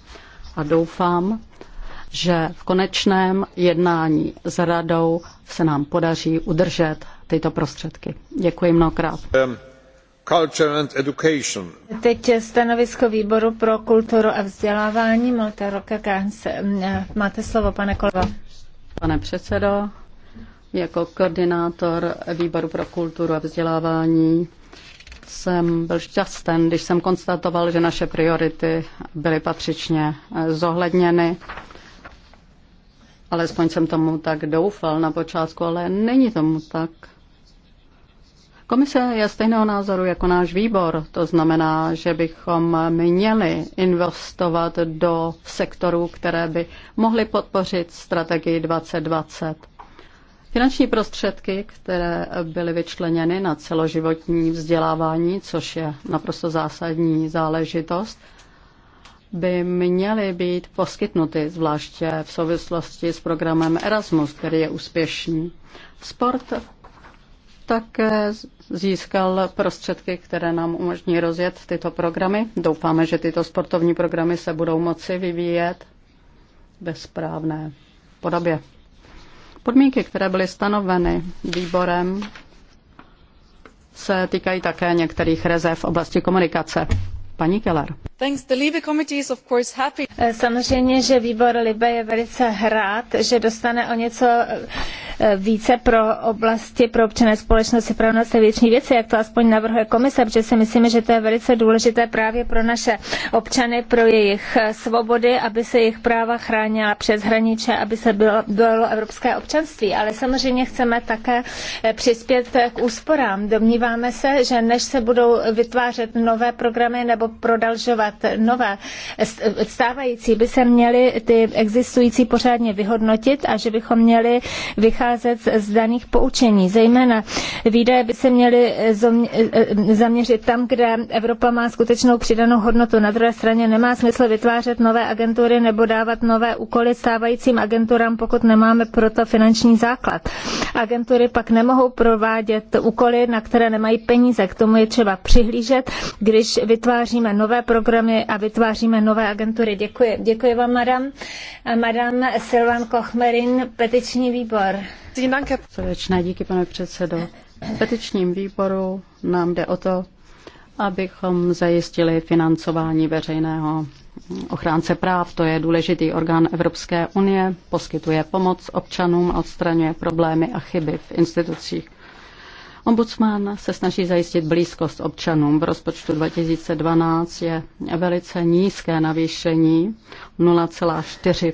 a doufám, že v konečném jednání s radou se nám podaří udržet tyto prostředky. Děkuji mnohokrát. Um. Culture and Teď stanovisko výboru pro kulturu a vzdělávání. Malta Máte slovo, pane kolego. Pane předsedo, jako koordinátor výboru pro kulturu a vzdělávání jsem byl šťasten, když jsem konstatoval, že naše priority byly patřičně eh, zohledněny. Alespoň jsem tomu tak doufal na počátku, ale není tomu tak. Komise je stejného názoru jako náš výbor, to znamená, že bychom měli investovat do sektorů, které by mohly podpořit strategii 2020. Finanční prostředky, které byly vyčleněny na celoživotní vzdělávání, což je naprosto zásadní záležitost, by měly být poskytnuty, zvláště v souvislosti s programem Erasmus, který je úspěšný. Sport také získal prostředky, které nám umožní rozjet tyto programy. Doufáme, že tyto sportovní programy se budou moci vyvíjet ve správné podobě. Podmínky, které byly stanoveny výborem, se týkají také některých rezerv v oblasti komunikace. Paní Keller. Samozřejmě, že výbor Libe je velice rád, že dostane o něco více pro oblasti pro občané společnosti pro nás věční věci, jak to aspoň navrhuje komise, protože si myslíme, že to je velice důležité právě pro naše občany, pro jejich svobody, aby se jejich práva chránila přes hranice, aby se bylo, bylo evropské občanství. Ale samozřejmě chceme také eh, přispět eh, k úsporám. Domníváme se, že než se budou vytvářet nové programy nebo prodalžovat nové, eh, stávající by se měly ty existující pořádně vyhodnotit a že bychom měli vycházet vycházet z daných poučení. Zejména výdaje by se měly eh, zaměřit tam, kde Evropa má skutečnou přidanou hodnotu. Na druhé straně nemá smysl vytvářet nové agentury nebo dávat nové úkoly stávajícím agenturám, pokud nemáme proto finanční základ. Agentury pak nemohou provádět úkoly, na které nemají peníze. K tomu je třeba přihlížet, když vytváříme nové programy a vytváříme nové agentury. Děkuji. Děkuji vám, madam. Madam Silvan Kochmerin, petiční výbor. Srdečné díky, pane předsedo. V petičním výboru nám jde o to, abychom zajistili financování veřejného ochránce práv. To je důležitý orgán Evropské unie, poskytuje pomoc občanům a odstraňuje problémy a chyby v institucích. Ombudsman se snaží zajistit blízkost občanům. V rozpočtu 2012 je velice nízké navýšení 0,4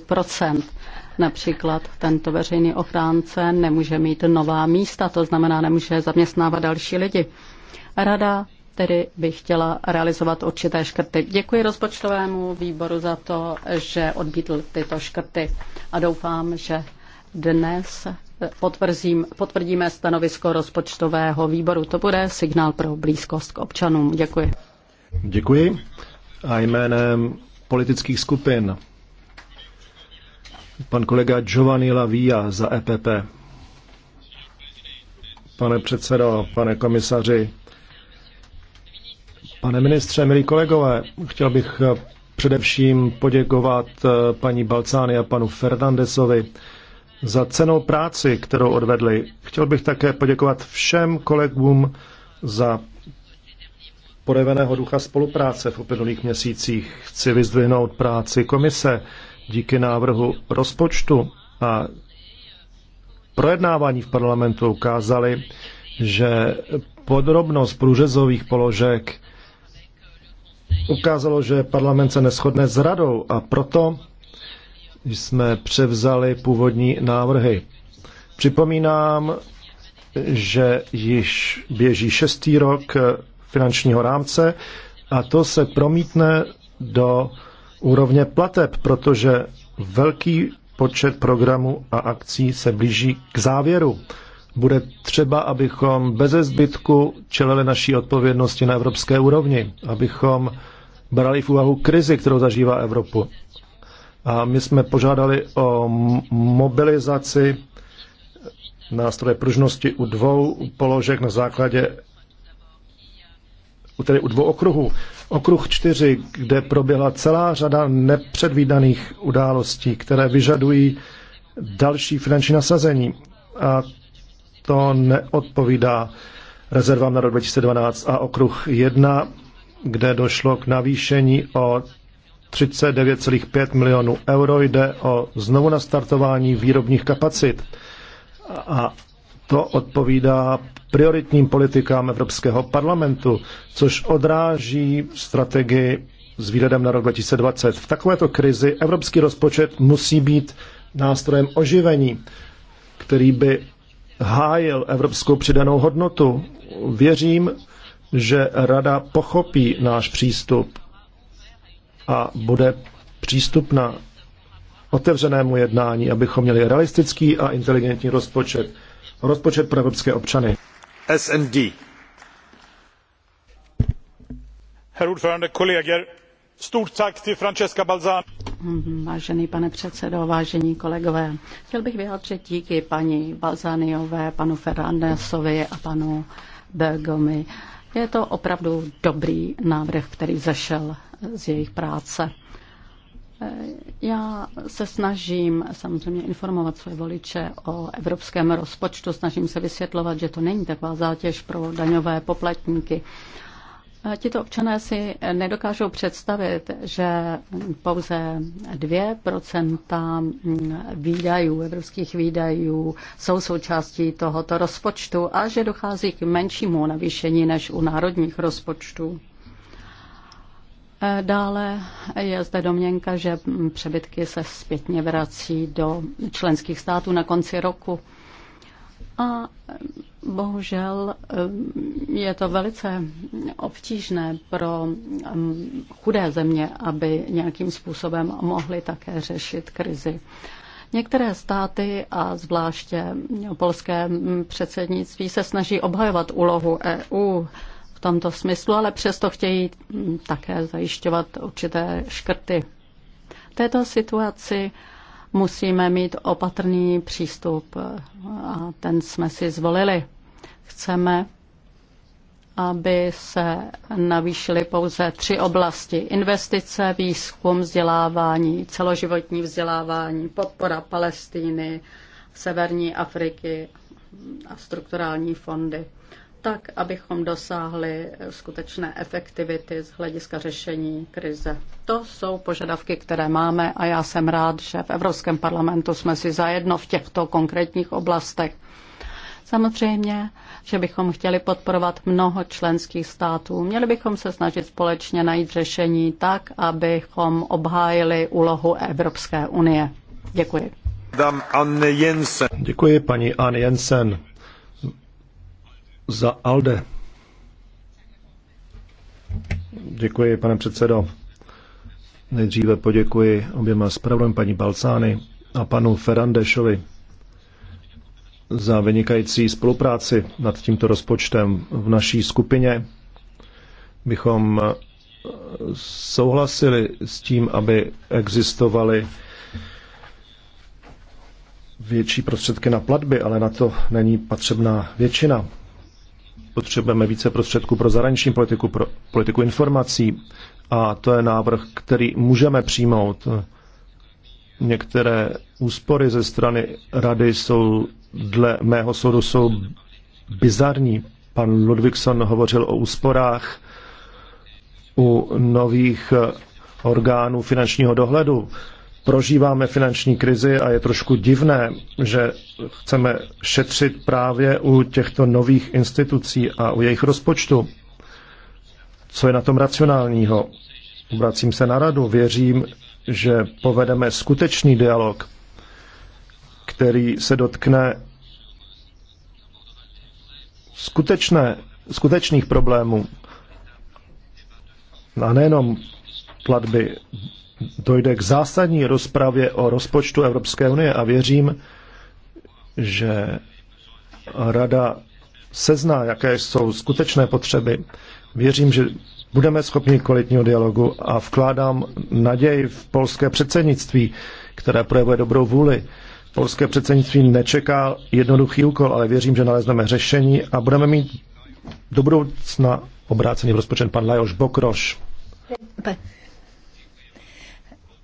Například tento veřejný ochránce nemůže mít nová místa, to znamená nemůže zaměstnávat další lidi. Rada tedy by chtěla realizovat určité škrty. Děkuji rozpočtovému výboru za to, že odbítl tyto škrty a doufám, že dnes potvrdíme stanovisko rozpočtového výboru. To bude signál pro blízkost k občanům. Děkuji. Děkuji. A jménem politických skupin Pan kolega Giovanni Lavia za EPP. Pane předsedo, pane komisaři, pane ministře, milí kolegové, chtěl bych především poděkovat paní Balcány a panu Fernandesovi za cenou práci, kterou odvedli. Chtěl bych také poděkovat všem kolegům za podeveného ducha spolupráce v uplynulých měsících. Chci vyzdvihnout práci komise, díky návrhu rozpočtu a projednávání v parlamentu ukázali, že podrobnost průřezových položek ukázalo, že parlament se neschodne s radou a proto jsme převzali původní návrhy. Připomínám, že již běží šestý rok finančního rámce a to se promítne do úrovně plateb, protože velký počet programů a akcí se blíží k závěru. Bude třeba, abychom bez zbytku čelili naší odpovědnosti na evropské úrovni, abychom brali v úvahu krizi, kterou zažívá Evropu. A my jsme požádali o mobilizaci nástroje pružnosti u dvou položek na základě tedy u dvou okruhů. Okruh čtyři, kde proběhla celá řada nepředvídaných událostí, které vyžadují další finanční nasazení. A to neodpovídá rezervám na rok 2012 a okruh 1, kde došlo k navýšení o 39,5 milionů euro. Jde o znovu nastartování výrobních kapacit a to odpovídá prioritním politikám Evropského parlamentu, což odráží strategii s výhledem na rok 2020. V takovéto krizi evropský rozpočet musí být nástrojem oživení, který by hájil evropskou přidanou hodnotu. Věřím, že Rada pochopí náš přístup a bude přístupna otevřenému jednání, abychom měli realistický a inteligentní rozpočet rozpočet pro evropské občany. SND. Mhm, vážený pane předsedo, vážení kolegové, chtěl bych vyjádřit díky paní Balzaniové, panu Fernandesovi a panu Bergomi. Je to opravdu dobrý návrh, který zešel z jejich práce. Já se snažím samozřejmě informovat své voliče o evropském rozpočtu, snažím se vysvětlovat, že to není taková zátěž pro daňové poplatníky. Tito občané si nedokážou představit, že pouze 2% výdajů, evropských výdajů jsou součástí tohoto rozpočtu a že dochází k menšímu navýšení než u národních rozpočtů. Dále je zde domněnka, že přebytky se zpětně vrací do členských států na konci roku. A bohužel eh, je to velice obtížné pro mm, chudé země, aby nějakým způsobem mohly také řešit krizi. Některé státy a zvláště polské mm, předsednictví se snaží obhajovat úlohu EU tomto smyslu, ale přesto chtějí mm, také zajišťovat určité škrty. V této situaci musíme mít opatrný přístup a ten jsme si zvolili. Chceme, aby se navýšily pouze tři oblasti. Investice, výzkum, vzdělávání, celoživotní vzdělávání, podpora Palestíny, Severní Afriky a strukturální fondy tak, abychom dosáhli skutečné efektivity z hlediska řešení krize. To jsou požadavky, které máme a já jsem rád, že v Evropském parlamentu jsme si zajedno v těchto konkrétních oblastech. Samozřejmě, že bychom chtěli podporovat mnoho členských států. Měli bychom se snažit společně najít řešení tak, abychom obhájili úlohu Evropské unie. Děkuji. Dám Anne Děkuji paní Anne Jensen za ALDE. Děkuji, pane předsedo. Nejdříve poděkuji oběma zpravodajům paní Balcány a panu Ferandešovi za vynikající spolupráci nad tímto rozpočtem v naší skupině. Bychom souhlasili s tím, aby existovaly větší prostředky na platby, ale na to není potřebná většina potřebujeme více prostředků pro zahraniční politiku, pro politiku informací a to je návrh, který můžeme přijmout. Některé úspory ze strany rady jsou dle mého soudu jsou bizarní. Pan Ludvíkson hovořil o úsporách u nových orgánů finančního dohledu prožíváme finanční krizi a je trošku divné, že chceme šetřit právě u těchto nových institucí a u jejich rozpočtu. Co je na tom racionálního? Obracím se na radu. Věřím, že povedeme skutečný dialog, který se dotkne skutečné, skutečných problémů. A nejenom platby dojde k zásadní rozpravě o rozpočtu Evropské unie a věřím, že Rada sezná, jaké jsou skutečné potřeby. Věřím, že budeme schopni kvalitního dialogu a vkládám naději v polské předsednictví, které projevuje dobrou vůli. Polské předsednictví nečeká jednoduchý úkol, ale věřím, že nalezneme řešení a budeme mít do budoucna obrácený rozpočet pan Lajoš Bokroš.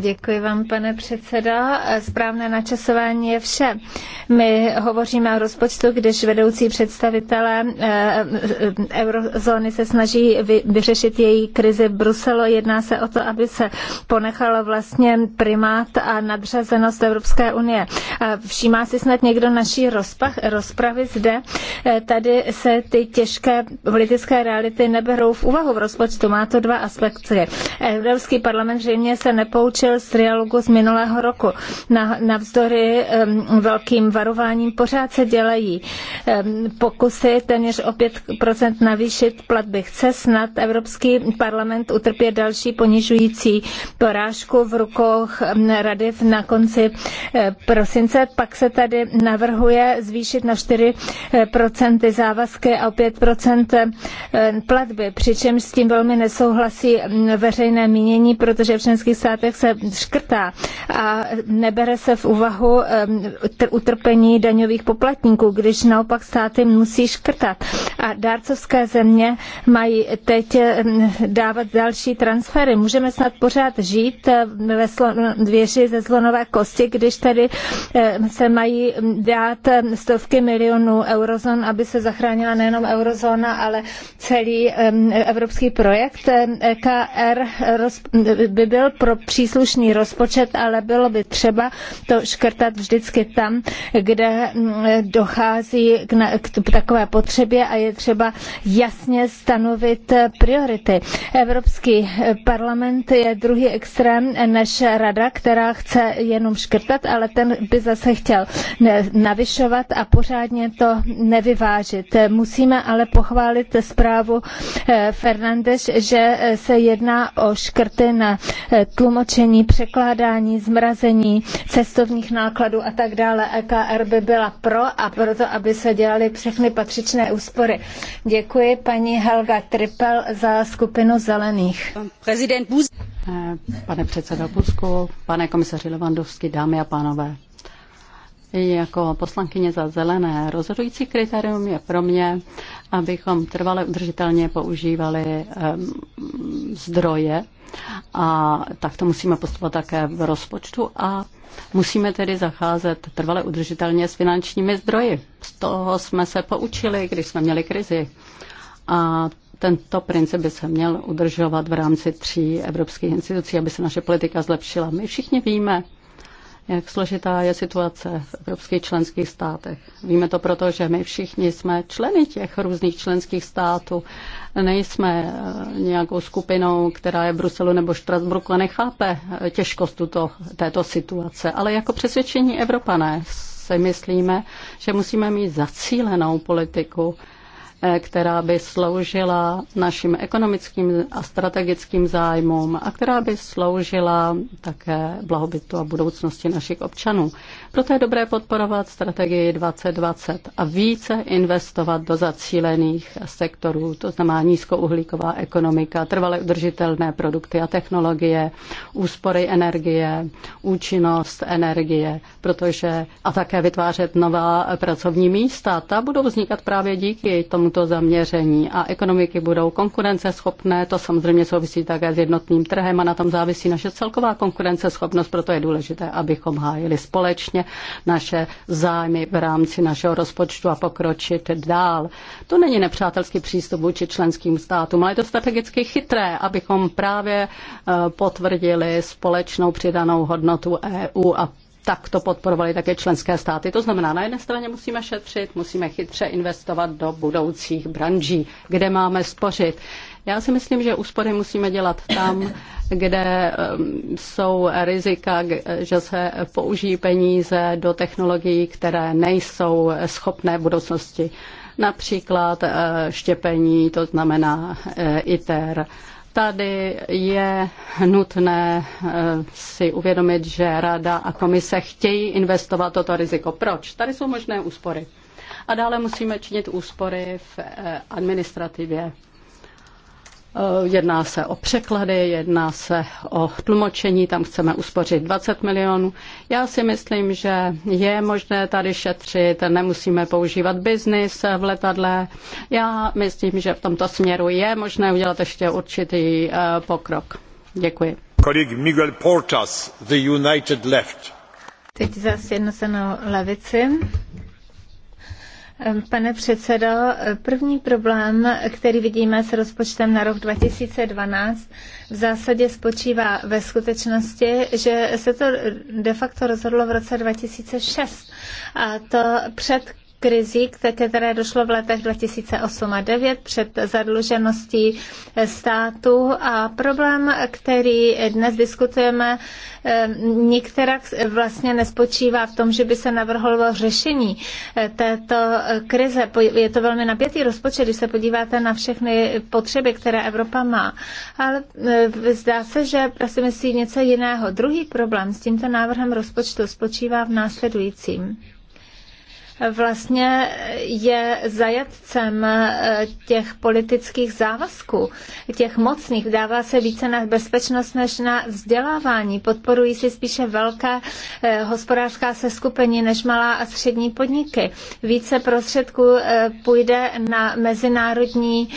Děkuji vám, pane předseda. Správné načasování je vše. My hovoříme o rozpočtu, když vedoucí představitelé eh, eurozóny se snaží vyřešit její krizi v Bruselu. Jedná se o to, aby se ponechalo vlastně primát a nadřazenost Evropské unie. Všímá si snad někdo naší rozpach, rozpravy zde? Eh, tady se ty těžké politické reality neberou v úvahu v rozpočtu. Má to dva aspekty. Evropský parlament zřejmě se nepo poučil z trialogu z minulého roku. Na, navzdory um, velkým varováním pořád se dělají um, pokusy téměř o 5% navýšit platby. Chce snad Evropský parlament utrpět další ponižující porážku v rukou rady na konci eh, prosince. Pak se tady navrhuje zvýšit na 4% závazky a o 5% platby, přičemž s tím velmi nesouhlasí veřejné mínění, protože v členských státech státech se škrtá a nebere se v úvahu utrpení daňových poplatníků, když naopak státy musí škrtat. A dárcovské země mají teď dávat další transfery. Můžeme snad pořád žít ve věži ze zlonové kosti, když tady se mají dát stovky milionů eurozon, aby se zachránila nejenom eurozóna, ale celý evropský projekt. E KR by byl pro příležitost příslušný rozpočet, ale bylo by třeba to škrtat vždycky tam, kde mm, dochází k, na, k takové potřebě a je třeba jasně stanovit priority. Evropský parlament je druhý extrém než rada, která chce jenom škrtat, ale ten by zase chtěl navyšovat a pořádně to nevyvážit. Musíme ale pochválit zprávu eh, Fernandes, že eh, se jedná o škrty na eh, tlumočení tlumočení, překládání, zmrazení cestovních nákladů a tak dále. EKR by byla pro a proto, aby se dělaly všechny patřičné úspory. Děkuji paní Helga Trippel za skupinu zelených. Prezident Buz... Eh, pane předsedo Buzku, pane komisaři Levandovský, dámy a pánové. Jako poslankyně za zelené rozhodující kritérium je pro mě, abychom trvale udržitelně používali eh, zdroje a tak to musíme postupovat také v rozpočtu a musíme tedy zacházet trvale udržitelně s finančními zdroji. Z toho jsme se poučili, když jsme měli krizi. A tento princip by se měl udržovat v rámci tří evropských institucí, aby se naše politika zlepšila. My všichni víme, jak složitá je situace v evropských členských státech. Víme to proto, že my všichni jsme členy těch různých členských států. Nejsme eh, nějakou skupinou, která je v Bruselu nebo Štrasburku a nechápe eh, těžkost tuto, této situace. Ale jako přesvědčení Evropané si myslíme, že musíme mít zacílenou politiku, Eh, která by sloužila našim ekonomickým a strategickým zájmům a která by sloužila také blahobytu a budoucnosti našich občanů. Proto je dobré podporovat strategii 2020 a více investovat do zacílených sektorů, to znamená nízkouhlíková ekonomika, trvale udržitelné produkty a technologie, úspory energie, účinnost energie, protože a také vytvářet nová pracovní místa. Ta budou vznikat právě díky tomu, tomuto zaměření a ekonomiky budou konkurenceschopné. To samozřejmě souvisí také s jednotným trhem a na tom závisí naše celková konkurenceschopnost, proto je důležité, abychom hájili společně naše zájmy v rámci našeho rozpočtu a pokročit dál. To není nepřátelský přístup vůči členským státům, ale je to strategicky chytré, abychom právě eh, potvrdili společnou přidanou hodnotu EU a tak to podporovaly také členské státy. To znamená, na jedné straně musíme šetřit, musíme chytře investovat do budoucích branží, kde máme spořit. Já si myslím, že úspory musíme dělat tam, kde um, jsou rizika, že se použijí peníze do technologií, které nejsou schopné v budoucnosti. Například eh, štěpení, to znamená eh, ITER Tady je nutné eh, si uvědomit, že Rada a komise chtějí investovat toto riziko. Proč? Tady jsou možné úspory. A dále musíme činit úspory v eh, administrativě. Eh, jedná se o překlady, jedná se o tlumočení, tam chceme uspořit 20 milionů. Já si myslím, že je možné tady šetřit, nemusíme používat biznis v letadle. Já myslím, že v tomto směru je možné udělat ještě určitý eh, pokrok. Děkuji. Kolik Miguel Portas, The United Left. Teď se na levici. Pane předsedo, první problém, který vidíme s rozpočtem na rok 2012, v zásadě spočívá ve skutečnosti, že se to de facto rozhodlo v roce 2006 a to před krizí, které došlo v letech 2008 a 2009 před zadlužeností eh, státu a problém, který dnes diskutujeme, eh, některá vlastně nespočívá v tom, že by se navrhlo řešení eh, této krize. Je to velmi napětý rozpočet, když se podíváte na všechny potřeby, které Evropa má. Ale zdá se, že prosím si něco jiného. Druhý problém s tímto návrhem rozpočtu spočívá v následujícím vlastně je zajatcem eh, těch politických závazků, těch mocných. Dává se více na bezpečnost než na vzdělávání. Podporují si spíše velké eh, hospodářská seskupení než malá a střední podniky. Více prostředků eh, půjde na mezinárodní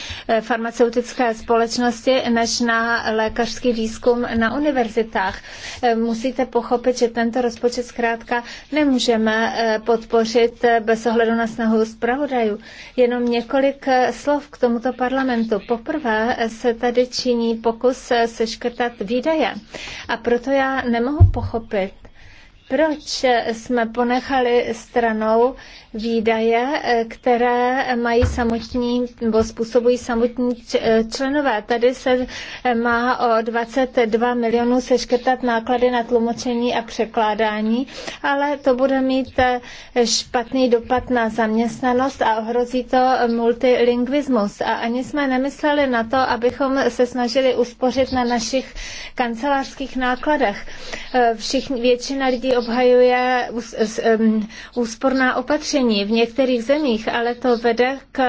farmaceutické společnosti než na lékařský výzkum na univerzitách. Musíte pochopit, že tento rozpočet zkrátka nemůžeme podpořit bez ohledu na snahu zpravodajů. Jenom několik eh, slov k tomuto parlamentu. Poprvé se tady činí pokus eh, seškrtat výdaje a proto já nemohu pochopit, proč jsme ponechali stranou výdaje, které mají samotní, nebo způsobují samotní členové? Tady se má o 22 milionů seškrtat náklady na tlumočení a překládání, ale to bude mít špatný dopad na zaměstnanost a ohrozí to multilingvismus. A ani jsme nemysleli na to, abychom se snažili uspořit na našich kancelářských nákladech. Všichni, většina lidí obhajuje úsporná opatření v některých zemích, ale to vede k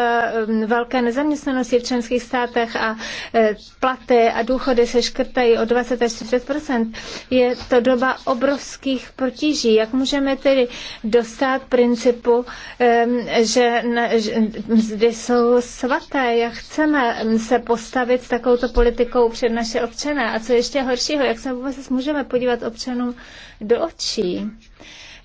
velké nezaměstnanosti v členských státech a e, platy a důchody se škrtají o 20 až 30 Je to doba obrovských potíží. Jak můžeme tedy dostat principu, že mzdy jsou svaté? Jak chceme se postavit s takovouto politikou před naše občana? A co ještě horšího, jak se vůbec můžeme podívat občanům do očí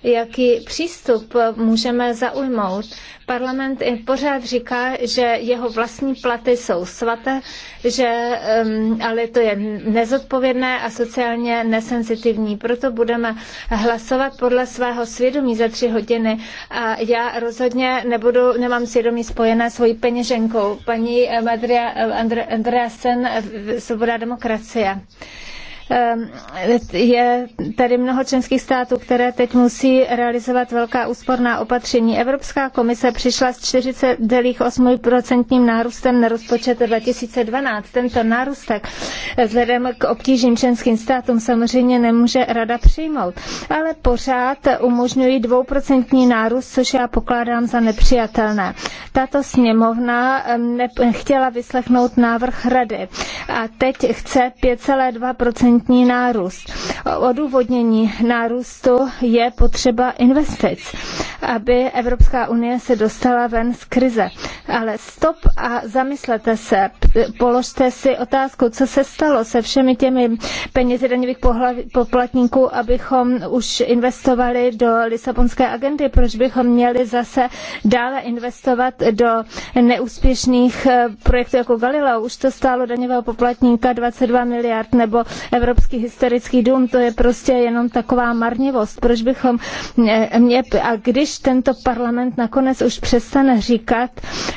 jaký přístup můžeme zaujmout. Parlament pořád říká, že jeho vlastní platy jsou svaté, že, um, ale to je nezodpovědné a sociálně nesenzitivní. Proto budeme hlasovat podle svého svědomí za tři hodiny a já rozhodně nebudu, nemám svědomí spojené svojí peněženkou. Paní Madria Andreasen, Svoboda demokracie. Ehm, je tady mnoho členských států, které teď musí realizovat velká úsporná opatření. Evropská komise přišla s 40,8% nárůstem na rozpočet 2012. Tento nárůstek vzhledem k obtížím členským státům samozřejmě nemůže rada přijmout, ale pořád umožňují 2% nárůst, což já pokládám za nepřijatelné. Tato sněmovna ehm, nechtěla vyslechnout návrh rady a teď chce 5,2% procentní nárůst. Odůvodnění nárůstu je potřeba investic, aby Evropská unie se dostala ven z krize. Ale stop a zamyslete se, položte si otázku, co se stalo se všemi těmi penězi daňových poplatníků, abychom už investovali do Lisabonské agendy, proč bychom měli zase dále investovat do neúspěšných eh, projektů jako Galileo. Už to stálo daňového poplatníka 22 miliard nebo Evropské Evropský historický dům, to je prostě jenom taková marnivost. Proč bychom mě, a když tento parlament nakonec už přestane říkat,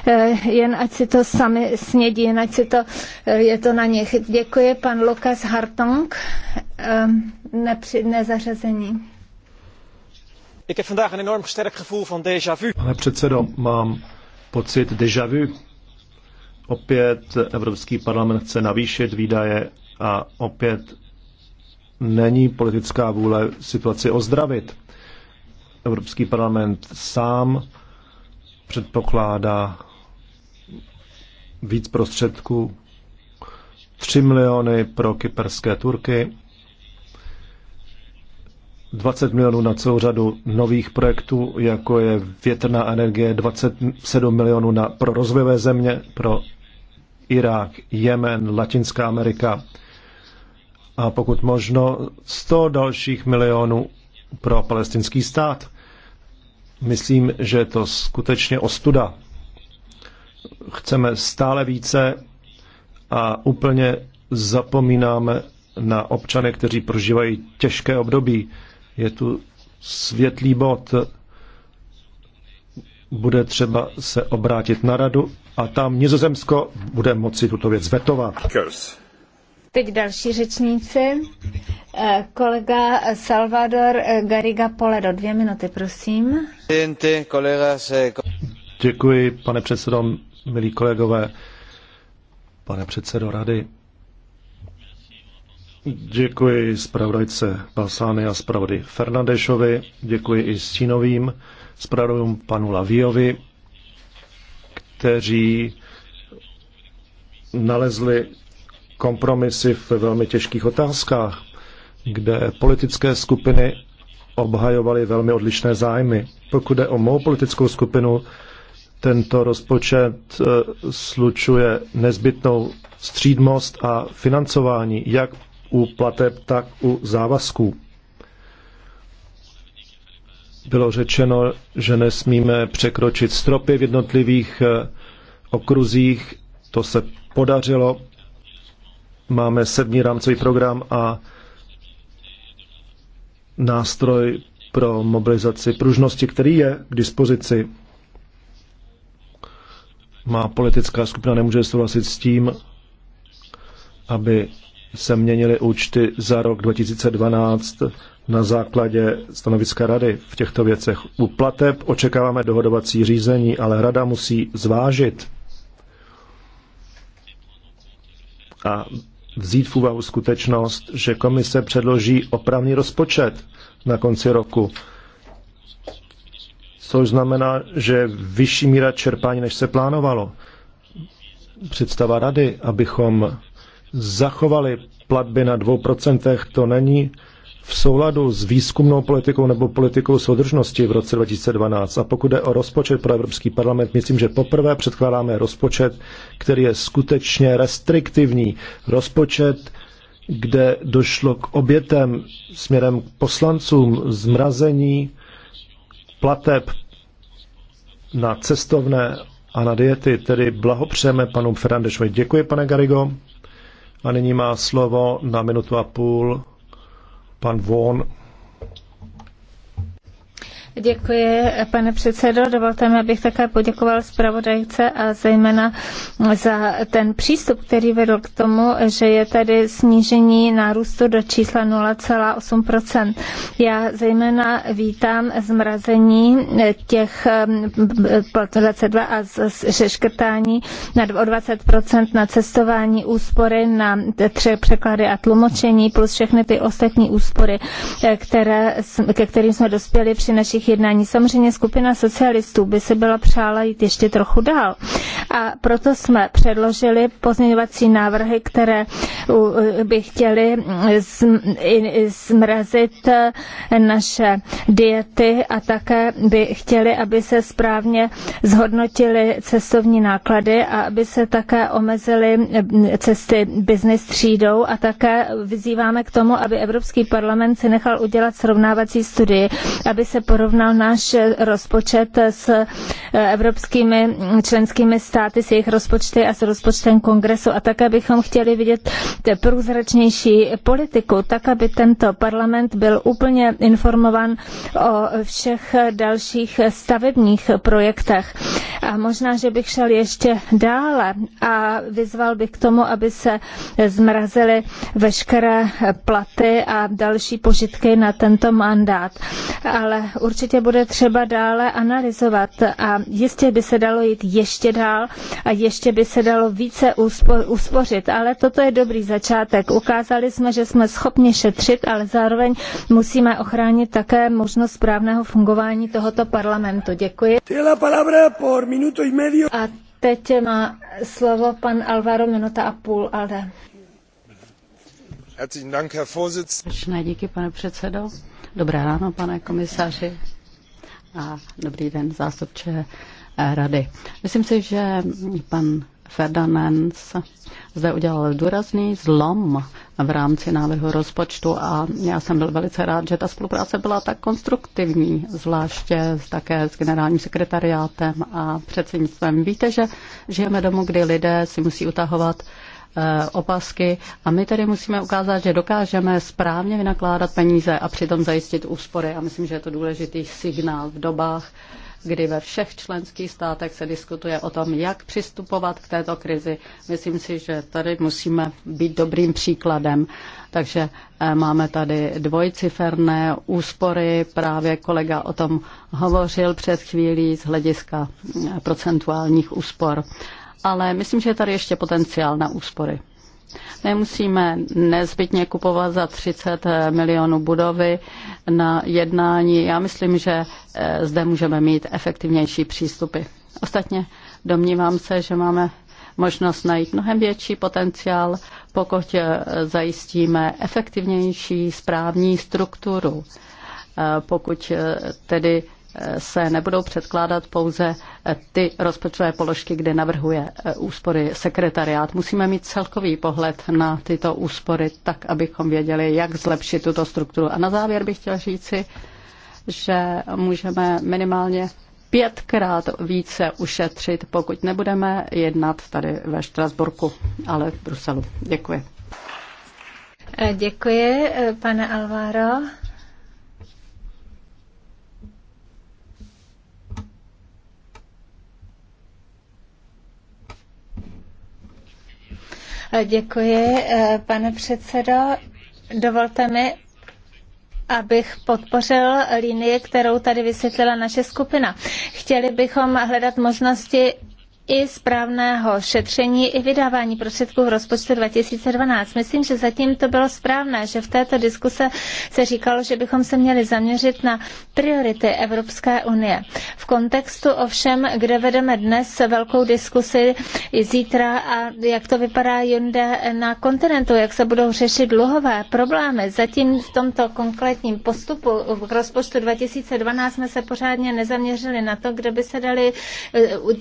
eh, jen ať si to sami snědí, jen ať si to, eh, je to na nich. Děkuji pan Lukas Hartong, eh, nepři, nezařazení. déjà vu. Pane předsedo, mám pocit déjà vu. Opět Evropský parlament chce navýšit výdaje a opět není politická vůle situaci ozdravit. Evropský parlament sám předpokládá víc prostředků, 3 miliony pro kyperské Turky, 20 milionů na celou řadu nových projektů, jako je větrná energie, 27 milionů na, pro rozvojové země, pro Irák, Jemen, Latinská Amerika, a pokud možno 100 dalších milionů pro palestinský stát. Myslím, že je to skutečně ostuda. Chceme stále více a úplně zapomínáme na občany, kteří prožívají těžké období. Je tu světlý bod. Bude třeba se obrátit na radu a tam Nizozemsko bude moci tuto věc vetovat. Teď další řečníci. Eh, kolega Salvador Gariga Poledo, dvě minuty, prosím. Eh, děkuji, pane předsedo, milí kolegové, pane předsedo rady. Děkuji zpravodajce Balsány a zpravody Fernandešovi, děkuji i Stínovým, zpravodajům panu Laviovi, kteří nalezli kompromisy v velmi těžkých otázkách, kde politické skupiny obhajovaly velmi odlišné zájmy. Pokud jde o mou politickou skupinu, tento rozpočet e, slučuje nezbytnou střídmost a financování jak u plateb, tak u závazků. Bylo řečeno, že nesmíme překročit stropy v jednotlivých e, okruzích. To se podařilo Máme sedmý rámcový program a nástroj pro mobilizaci pružnosti, který je k dispozici. Má politická skupina nemůže souhlasit s tím, aby se měnily účty za rok 2012 na základě stanoviska rady v těchto věcech. U plateb očekáváme dohodovací řízení, ale rada musí zvážit a vzít v úvahu skutečnost, že komise předloží opravný rozpočet na konci roku, což znamená, že vyšší míra čerpání, než se plánovalo. Představa rady, abychom zachovali platby na 2%, to není v souladu s výzkumnou politikou nebo politikou soudržnosti v roce 2012. A pokud jde o rozpočet pro Evropský parlament, myslím, že poprvé předkládáme rozpočet, který je skutečně restriktivní. Rozpočet, kde došlo k obětem směrem k poslancům zmrazení plateb na cestovné a na diety. Tedy blahopřejeme panu Fernandešovi. Děkuji, pane Garigo. A nyní má slovo na minutu a půl pan Von Děkuji, pane předsedo. Dovolte mi, abych také poděkoval zpravodajce a zejména za ten přístup, který vedl k tomu, že je tady snížení nárůstu do čísla 0,8 Já zejména vítám zmrazení těch platů 22 a šeškrtání na 20 na cestování úspory na tři překlady a tlumočení plus všechny ty ostatní úspory, e, které, ke kterým jsme dospěli při našich jednání. Samozřejmě skupina socialistů by se byla přála jít ještě trochu dál. A proto jsme předložili pozměňovací návrhy, které by chtěli zmrazit e, naše diety a také by chtěli, aby se správně zhodnotily cestovní náklady a aby se také omezily e, cesty business třídou a také vyzýváme k tomu, aby Evropský parlament si nechal udělat srovnávací studii, aby se porovnal srovnal náš rozpočet s eh, evropskými členskými státy, s jejich rozpočty a s rozpočtem kongresu. A také bychom chtěli vidět průzračnější politiku, tak, aby tento parlament byl úplně informován o všech dalších stavebních projektech. A možná, že bych šel ještě dále a vyzval bych k tomu, aby se zmrazily veškeré platy a další požitky na tento mandát. Ale určitě určitě bude třeba dále analyzovat a jistě by se dalo jít ještě dál a ještě by se dalo více uspořit, ale toto je dobrý začátek. Ukázali jsme, že jsme schopni šetřit, ale zároveň musíme ochránit také možnost správného fungování tohoto parlamentu. Děkuji. A teď má slovo pan Alvaro minuta a půl, ale. Herzlichen Dank, Herr Děkuji, pane předsedo. Dobré ráno, pane komisaři a dobrý den, zástupče eh, rady. Myslím si, že pan Ferdinand zde udělal důrazný zlom v rámci návrhu rozpočtu a já jsem byl velice rád, že ta spolupráce byla tak konstruktivní, zvláště také s generálním sekretariátem a předsednictvem. Víte, že žijeme domů, kdy lidé si musí utahovat Eh, opasky a my tedy musíme ukázat, že dokážeme správně vynakládat peníze a přitom zajistit úspory a myslím, že je to důležitý signál v dobách, kdy ve všech členských státech se diskutuje o tom, jak přistupovat k této krizi. Myslím si, že tady musíme být dobrým příkladem. Takže eh, máme tady dvojciferné úspory, právě kolega o tom hovořil před chvílí z hlediska eh, procentuálních úspor ale myslím, že je tady ještě potenciál na úspory. Nemusíme nezbytně kupovat za 30 eh, milionů budovy na jednání. Já myslím, že eh, zde můžeme mít efektivnější přístupy. Ostatně domnívám se, že máme možnost najít mnohem větší potenciál, pokud eh, zajistíme efektivnější správní strukturu, pokud tedy se nebudou předkládat pouze eh, ty rozpočtové položky, kde navrhuje eh, úspory sekretariát. Musíme mít celkový pohled na tyto úspory, tak abychom věděli, jak zlepšit tuto strukturu. A na závěr bych chtěla říci, že můžeme minimálně pětkrát více ušetřit, pokud nebudeme jednat tady ve Štrasburku, ale v Bruselu. Děkuji. Eh, děkuji, pane Alvaro. Děkuji, eh, pane předsedo. Dovolte mi, abych podpořil linii, kterou tady vysvětlila naše skupina. Chtěli bychom hledat možnosti i správného šetření i vydávání prostředků v rozpočtu 2012. Myslím, že zatím to bylo správné, že v této diskuse se říkalo, že bychom se měli zaměřit na priority Evropské unie. V kontextu ovšem, kde vedeme dnes velkou diskusi i zítra a jak to vypadá jinde na kontinentu, jak se budou řešit dluhové problémy. Zatím v tomto konkrétním postupu v rozpočtu 2012 jsme se pořádně nezaměřili na to, kde by se dali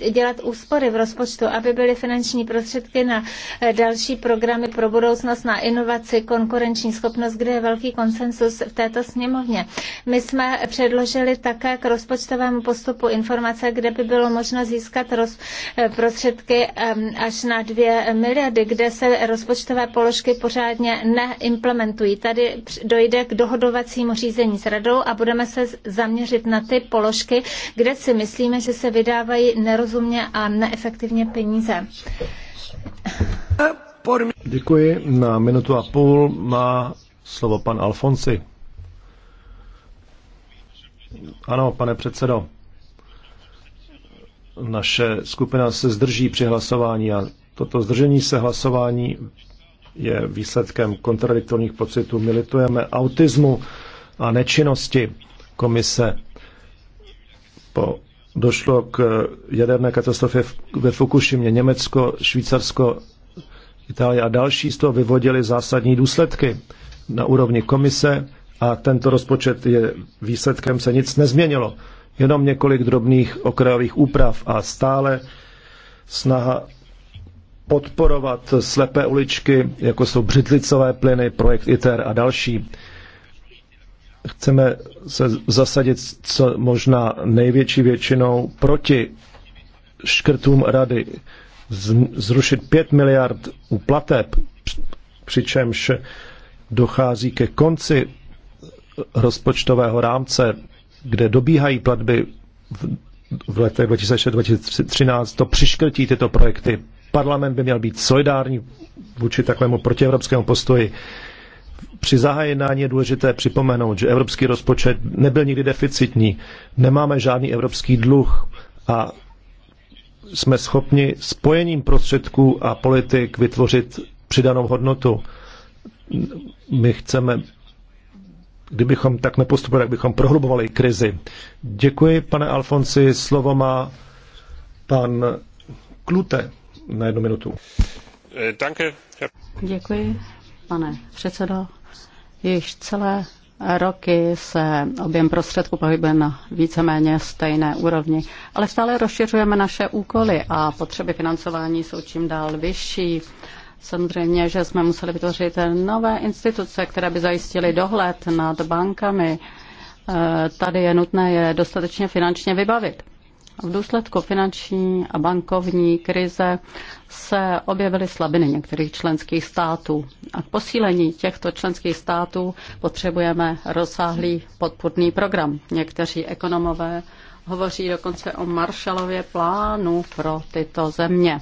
eh, dělat úspory úspory v rozpočtu, aby byly finanční prostředky na eh, další programy pro budoucnost, na inovaci, konkurenční schopnost, kde je velký konsensus v této sněmovně. My jsme předložili také k rozpočtovému postupu informace, kde by bylo možno získat roz, eh, prostředky až na 2 miliardy, kde se rozpočtové položky pořádně neimplementují. Tady dojde k dohodovacímu řízení s radou a budeme se zaměřit na ty položky, kde si myslíme, že se vydávají nerozumně a neefektivně peníze. Děkuji. Na minutu a půl má slovo pan Alfonsi. Ano, pane předsedo. Naše skupina se zdrží při hlasování a toto zdržení se hlasování je výsledkem kontradiktorních pocitů. militujeme autismu a nečinnosti komise po došlo k eh, jaderné katastrofě ve Fukušimě. Německo, Švýcarsko, Itálie a další z toho vyvodili zásadní důsledky na úrovni komise a tento rozpočet je výsledkem se nic nezměnilo. Jenom několik drobných okrajových úprav a stále snaha podporovat slepé uličky, jako jsou břidlicové plyny, projekt ITER a další chceme se zasadit co možná největší většinou proti škrtům rady zrušit 5 miliard u plateb, přičemž dochází ke konci rozpočtového rámce, kde dobíhají platby v letech 2013 to přiškrtí tyto projekty. Parlament by měl být solidární vůči takovému protievropskému postoji při zahájení je důležité připomenout, že evropský rozpočet nebyl nikdy deficitní, nemáme žádný evropský dluh a jsme schopni spojením prostředků a politik vytvořit přidanou hodnotu. My chceme, kdybychom tak nepostupovali, tak bychom prohlubovali krizi. Děkuji, pane Alfonsi. Slovo má pan Klute na jednu minutu. Eh, Děkuji, pane předsedo, Již celé roky se objem prostředků pohybuje na víceméně stejné úrovni, ale stále rozšiřujeme naše úkoly a potřeby financování jsou čím dál vyšší. Samozřejmě, že jsme museli vytvořit nové instituce, které by zajistily dohled nad bankami. Eh, tady je nutné je dostatečně finančně vybavit. V důsledku finanční a bankovní krize se objevily slabiny některých členských států. A k posílení těchto členských států potřebujeme rozsáhlý podpůrný program. Někteří ekonomové hovoří dokonce o Marshallově plánu pro tyto země.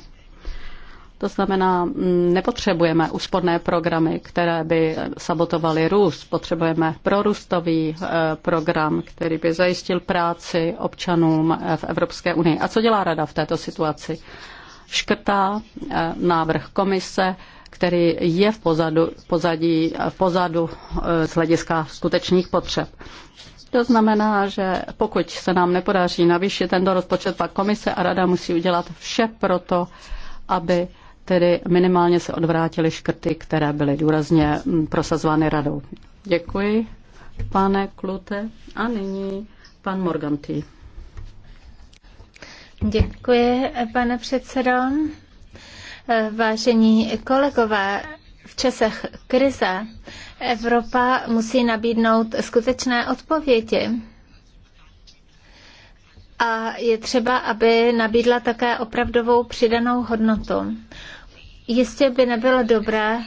To znamená, mm, nepotřebujeme úsporné programy, které by sabotovaly růst. Potřebujeme prorůstový eh, program, který by zajistil práci občanům eh, v Evropské unii. A co dělá Rada v této situaci? Škrtá eh, návrh komise, který je v pozadu, pozadí, v pozadu z hlediska skutečných potřeb. To znamená, že pokud se nám nepodaří navýšit tento rozpočet, pak komise a rada musí udělat vše pro to, aby tedy minimálně se odvrátily škrty, které byly důrazně mm, prosazovány radou. Děkuji, pane Klute. A nyní pan Morganti. Děkuji, pane předsedo. Vážení kolegové, v časech krize Evropa musí nabídnout skutečné odpovědi. A je třeba, aby nabídla také opravdovou přidanou hodnotu jistě by nebylo dobré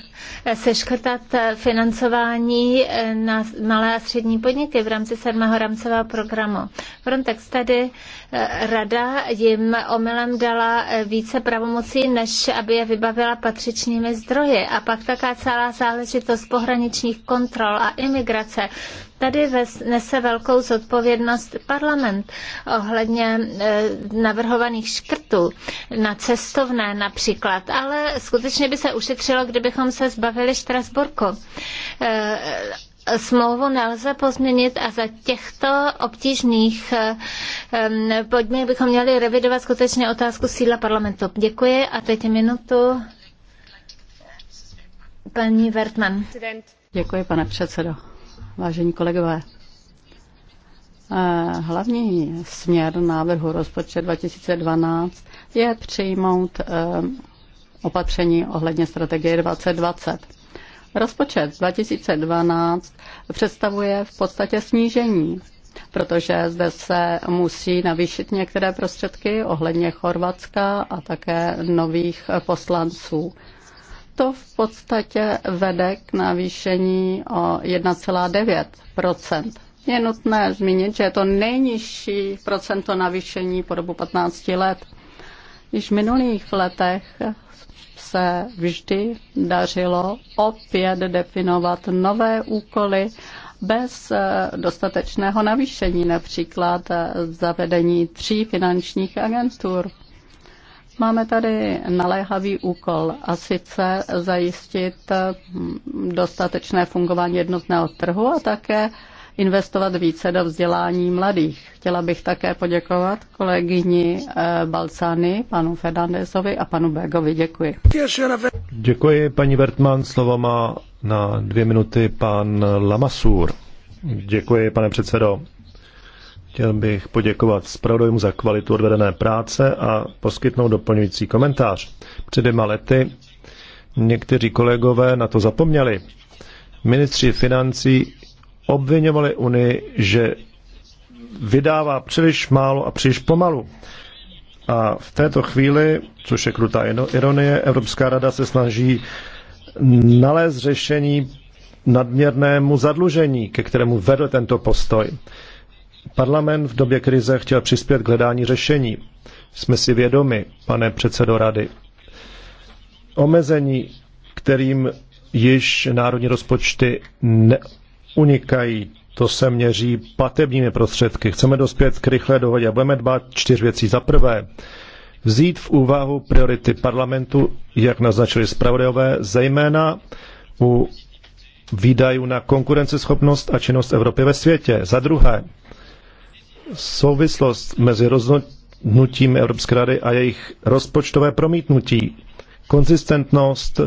seškrtat eh, financování eh, na malé a střední podniky v rámci sedmého rámcového programu. Frontex tady eh, rada jim omylem dala více pravomocí, než aby je vybavila patřičními zdroji. A pak taká celá záležitost pohraničních kontrol a imigrace tady nese velkou zodpovědnost parlament ohledně navrhovaných škrtů na cestovné například, ale skutečně by se ušetřilo, kdybychom se zbavili Štrasburku eh, smlouvu nelze pozměnit a za těchto obtížných eh, podmínek bychom měli revidovat skutečně otázku síla parlamentu. Děkuji a teď minutu paní Wertmann. Děkuji, pane předsedo. Vážení kolegové, eh, hlavní směr návrhu rozpočet 2012 je přijmout opatření ohledně strategie 2020. Rozpočet 2012 představuje v podstatě snížení, protože zde se musí navýšit některé prostředky ohledně Chorvatska a také nových poslanců. To v podstatě vede k navýšení o 1,9 Je nutné zmínit, že je to nejnižší procento navýšení po dobu 15 let. Již v minulých letech se vždy dařilo opět definovat nové úkoly bez eh, dostatečného navýšení, například eh, zavedení tří finančních agentur. Máme tady naléhavý úkol a sice zajistit eh, dostatečné fungování jednotného trhu a také investovat více do vzdělání mladých. Chtěla bych také poděkovat kolegyni eh, Balcány, panu Fernandezovi a panu Begovi. Děkuji. Děkuji, paní Vertman. Slovo má na dvě minuty pan Lamasur. Děkuji, pane předsedo. Chtěl bych poděkovat zpravodajům za kvalitu odvedené práce a poskytnout doplňující komentář. Před dvěma lety někteří kolegové na to zapomněli. Ministři financí obvinovali Unii, že vydává příliš málo a příliš pomalu. A v této chvíli, což je krutá ironie, Evropská rada se snaží nalézt řešení nadměrnému zadlužení, ke kterému vedl tento postoj. Parlament v době krize chtěl přispět k hledání řešení. Jsme si vědomi, pane předsedo rady. Omezení, kterým již národní rozpočty ne- unikají, to se měří platebními prostředky. Chceme dospět k rychlé dohodě a budeme dbát čtyř věcí. Za prvé, vzít v úvahu priority parlamentu, jak naznačili zpravodajové, zejména u výdajů na konkurenceschopnost a činnost Evropy ve světě. Za druhé, souvislost mezi rozhodnutím Evropské rady a jejich rozpočtové promítnutí, konzistentnost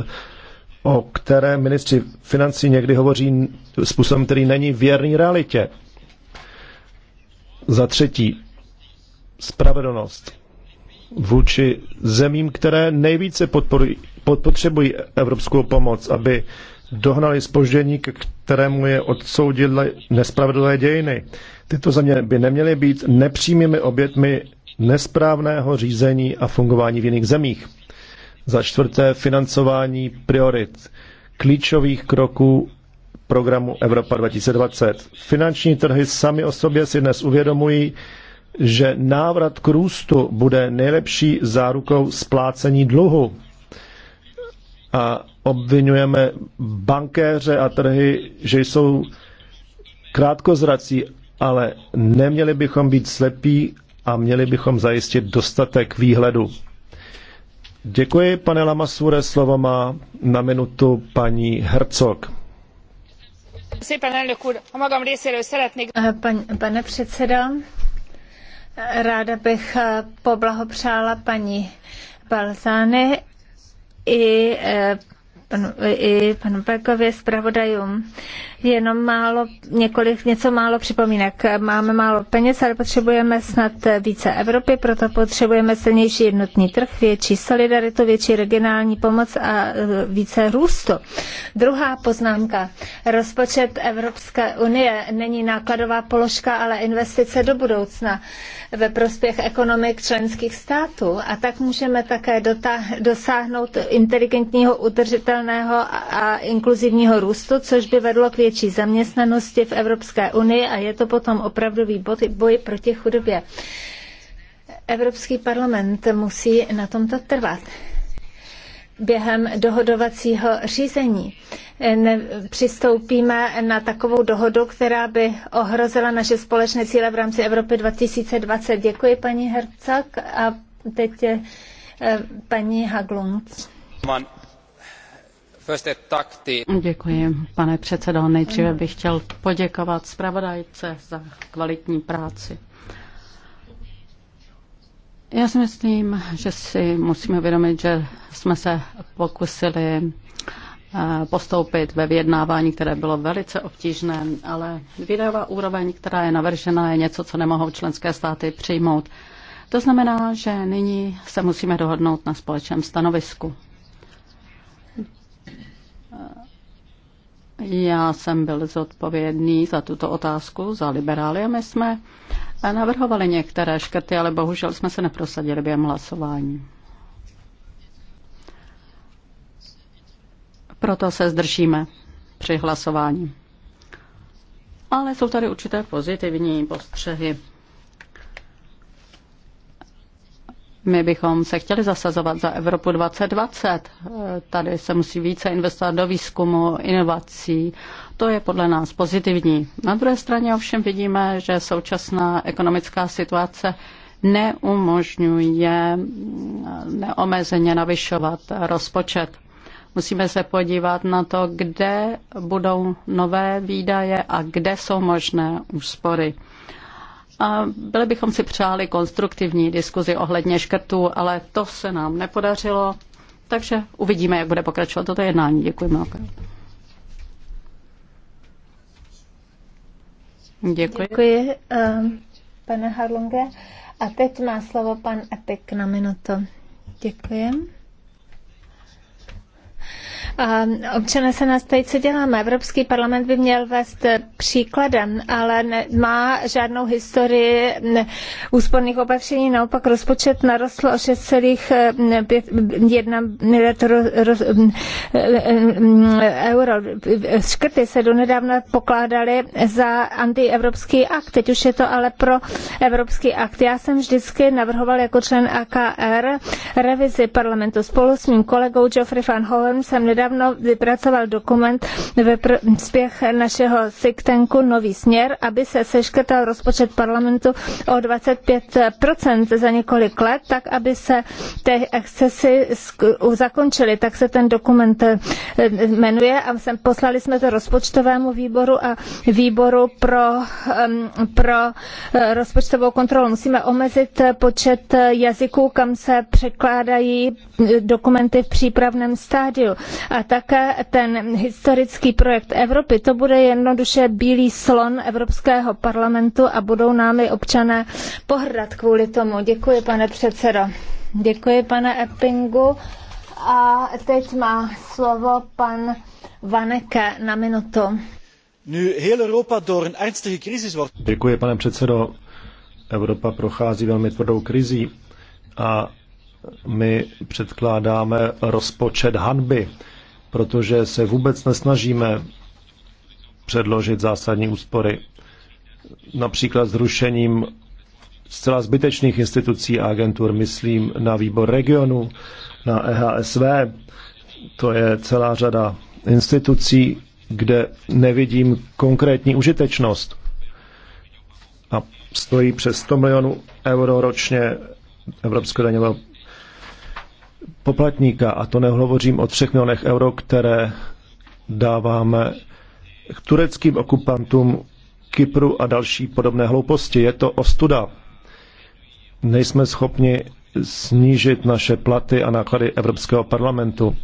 o které ministři financí někdy hovoří způsobem, který není věrný realitě. Za třetí, spravedlnost vůči zemím, které nejvíce potřebují evropskou pomoc, aby dohnali spoždění, k kterému je odsoudili nespravedlivé dějiny. Tyto země by neměly být nepřímými obětmi nesprávného řízení a fungování v jiných zemích. Za čtvrté financování priorit klíčových kroků programu Evropa 2020. Finanční trhy sami o sobě si dnes uvědomují, že návrat k růstu bude nejlepší zárukou splácení dluhu. A obvinujeme bankéře a trhy, že jsou krátkozrací, ale neměli bychom být slepí a měli bychom zajistit dostatek výhledu. Děkuji, pane Lamasure. Slovo má na minutu paní Hercog. Pan, pane předsedo, ráda bych poblahopřála paní Balzány i eh, i panu Bekovi, zpravodajům. Jenom málo, několik, něco málo připomínek. Máme málo peněz, ale potřebujeme snad více Evropy, proto potřebujeme silnější jednotný trh, větší solidaritu, větší regionální pomoc a e, více růstu. Druhá poznámka. Rozpočet Evropské unie není nákladová položka, ale investice do budoucna ve prospěch ekonomik členských států. A tak můžeme také dosáhnout inteligentního udržitelného udržitelného a inkluzivního růstu, což by vedlo k větší zaměstnanosti v Evropské unii a je to potom opravdový boj proti chudobě. Evropský parlament musí na tomto trvat během dohodovacího řízení. Eh, ne, přistoupíme na takovou dohodu, která by ohrozila naše společné cíle v rámci Evropy 2020. Děkuji paní Hercak a teď je eh, paní Haglund. Děkuji, pane předsedo. Nejdříve bych chtěl poděkovat zpravodajce za kvalitní práci. Já si myslím, že si musíme uvědomit, že jsme se pokusili eh, postoupit ve vyjednávání, které bylo velice obtížné, ale výdajová úroveň, která je navržena, je něco, co nemohou členské státy přijmout. To znamená, že nyní se musíme dohodnout na společném stanovisku. Já jsem byl zodpovědný za tuto otázku, za liberály a my jsme navrhovali některé škrty, ale bohužel jsme se neprosadili během hlasování. Proto se zdržíme při hlasování. Ale jsou tady určité pozitivní postřehy. My bychom se chtěli zasazovat za Evropu 2020. Tady se musí více investovat do výzkumu, inovací. To je podle nás pozitivní. Na druhé straně ovšem vidíme, že současná ekonomická situace neumožňuje neomezeně navyšovat rozpočet. Musíme se podívat na to, kde budou nové výdaje a kde jsou možné úspory. A byli bychom si přáli konstruktivní diskuzi ohledně škrtů, ale to se nám nepodařilo. Takže uvidíme, jak bude pokračovat toto jednání. Děkuji mnohokrát. Děkuji. Děkuji, uh, pane Harlunge. A teď má slovo pan Epik na minuto. Děkuji občané se nás ptají, co děláme. Evropský parlament by měl vést příkladem, ale ne, má žádnou historii úsporných opatření. Naopak rozpočet narostl o 6,1 miliard euro. Škrty se donedávna pokládaly za antievropský akt. Teď už je to ale pro evropský akt. Já jsem vždycky navrhoval jako člen AKR revizi parlamentu. Spolu s mým kolegou Geoffrey van Hohem jsem nedávno vypracoval dokument ve prospěch našeho think tanku Nový směr, aby se seškrtal rozpočet parlamentu o 25% za několik let, tak aby se ty excesy zakončily. Tak se ten dokument eh, jmenuje a poslali jsme to rozpočtovému výboru a výboru pro, pro eh, rozpočtovou kontrolu. Musíme omezit eh, počet jazyků, kam se překládají dokumenty v přípravném stádiu a také ten historický projekt Evropy, to bude jednoduše bílý slon Evropského parlamentu a budou námi občané pohrdat kvůli tomu. Děkuji, pane předsedo. Děkuji, pane Eppingu. A teď má slovo pan Vaneke na minutu. Nu Děkuji, pane předsedo. Evropa prochází velmi tvrdou krizí a my předkládáme rozpočet hanby, protože se vůbec nesnažíme předložit zásadní úspory. Například zrušením zcela zbytečných institucí a agentur, myslím na výbor regionu, na EHSV, to je celá řada institucí, kde nevidím konkrétní užitečnost. A stojí přes 100 milionů euro ročně Evropského daňového poplatníka, a to nehovořím o třech milionech euro, které dáváme k tureckým okupantům Kypru a další podobné hlouposti. Je to ostuda. Nejsme schopni snížit naše platy a náklady Evropského parlamentu.